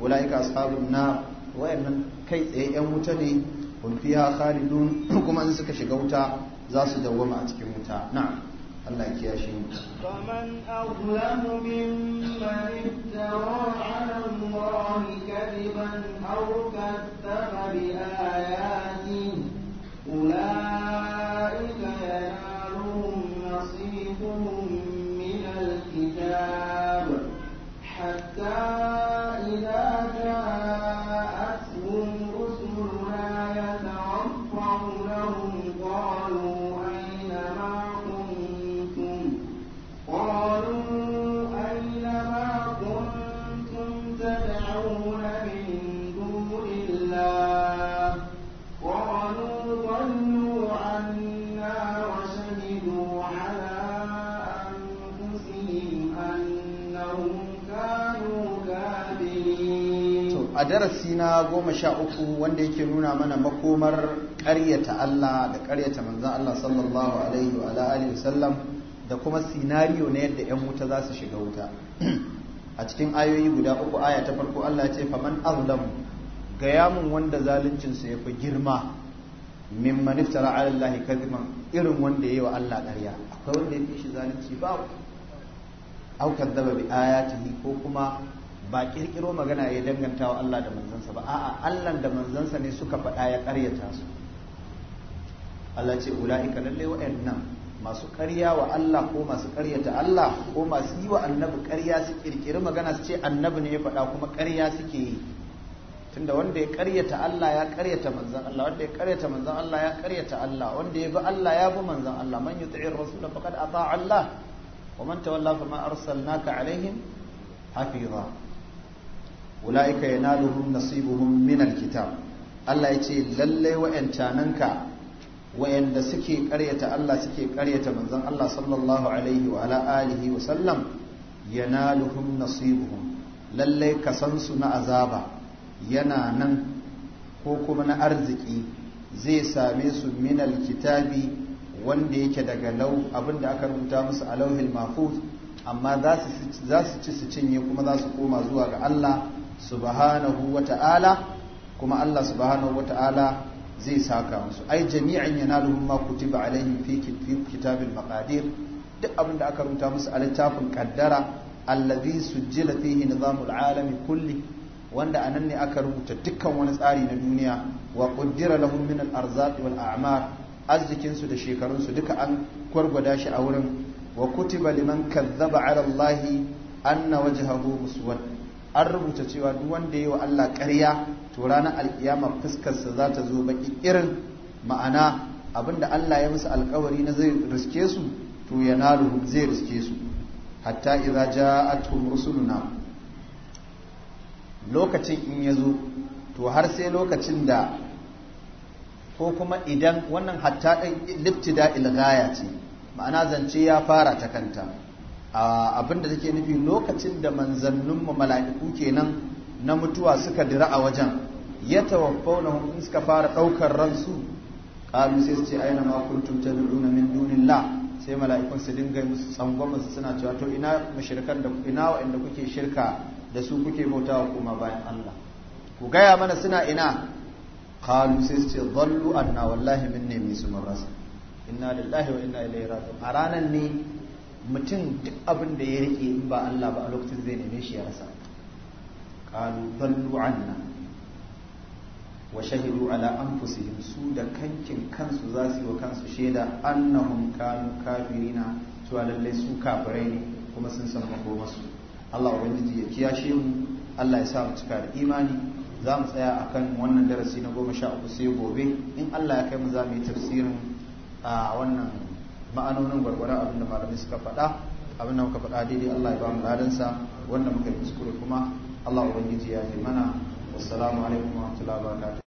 ulaika ashabun nar wayannan kai tsaye yan wuta ne hum fiha khalidun kuma in suka shiga wuta za su a cikin wuta na'am فمن أظلم ممن افترى على الله كذبا أو كذب بآياته أولئك ينالهم نصيبهم حتى a darasi na goma sha uku wanda yake nuna mana makomar ƙaryata Allah da ƙaryata manzan Allah sallallahu alaihi wa alihi wasallam da kuma sinariyo na yadda 'yan wuta za su shiga wuta a cikin ayoyi guda uku aya ta farko Allah ya ce faman azlamu ga yamun wanda zaluncinsa ya fi girma min iftara ala Allah kadhiban irin wanda yayi wa Allah ƙarya akwai wanda ya fi shi zalunci babu au kadzaba bi ayatihi ko kuma ba kirkiro magana ya danganta wa Allah da manzansa ba a'a Allah da manzansa ne suka faɗa ya ƙaryata su Allah ce ula'ika lalle wa'annan masu ƙarya wa Allah ko masu ƙaryata Allah ko masu yi wa annabi ƙarya su kirkiri magana su ce annabi ne ya faɗa kuma ƙarya suke yi tunda wanda ya ƙaryata Allah ya ƙaryata manzan Allah wanda ya ƙaryata manzan Allah ya ƙaryata Allah wanda ya bi Allah ya bi manzan Allah man yuti'ir rasul faqad ata'a Allah wa man tawalla fa ma arsalnaka alaihim hafiza ula'ika yanaluhum nasibuhum min alkitab Allah yace ce lalle wa'ancananka wa'yanda suke karyata Allah suke karyata manzon Allah sallallahu alaihi wa ala alihi wa sallam yanaluhum nasibuhum lalle kasansu na azaba yana nan ko kuma na arziki zai same su min alkitabi wanda yake daga lau abinda aka rubuta musu a lauhin mafuz amma za su ci su cinye kuma za su koma zuwa ga Allah subhanahu wata'ala kuma Allah subhanahu wata'ala zai saka musu ai jami'an yanaluhum ma kutiba alaihim fi kitabil maqadir duk abin da aka rubuta musu a littafin kaddara allazi sujjila fihi nizamul alami kulli wanda anan ne aka rubuta dukkan wani tsari na duniya wa qaddara lahum min al arzaqi wal a'mar arzikin su da shekarun su duka an kwargwada shi a wurin wa kutiba liman kazzaba ala allahi anna wajhahu muswadda an rubuta cewa duk wanda yi wa Allah ƙarya to ranar alkiyama fuskarsa za ta zo baki irin ma'ana abinda Allah ya musu alƙawari na zai riske su to ya nalu zai riske su hatta idza ja'atuhum rusuluna lokacin in ya zo to har sai lokacin da ko kuma idan wannan hatta din liftida ilgaya ce ma'ana zance ya fara ta kanta abinda take nufi lokacin da manzanninmu mala'iku kenan na mutuwa suka dira a wajen ya tawaffauna in suka fara ɗaukar ransu qalu sai su ce aina ma kuntum tad'una min dunillah sai mala'ikun su dinga musu tsangwama su suna cewa to ina mushrikan da ina wa'anda kuke shirka da su kuke bautawa kuma bayan Allah ku gaya mana suna ina qalu sai su ce dhallu anna wallahi minni min sumarras inna lillahi wa inna ilaihi raji'un a ranan ne mutum duk abin da ya rike in ba Allah ba a lokacin zai neme shi ya rasa qalu dallu anna wa shahidu ala anfusihim su da kankin kansu za su yi wa kansu shaida annahum kanu kafirina cewa lallai su kafirai ne kuma sun san makomarsu Allah ubangiji ya kiyashe mu Allah ya sa mu cika da imani za mu tsaya akan wannan darasi na goma sha uku sai gobe in Allah ya kai mu za mu yi tafsirin a wannan ma'anonin gwargwaron abin da malamai suka faɗa abin da muka faɗa daidai Allah ya ba mu ladansa wanda muka yi kuskure kuma Allah ubangiji ya yi mana wassalamu alaikum wa rahmatullahi wa barakatuh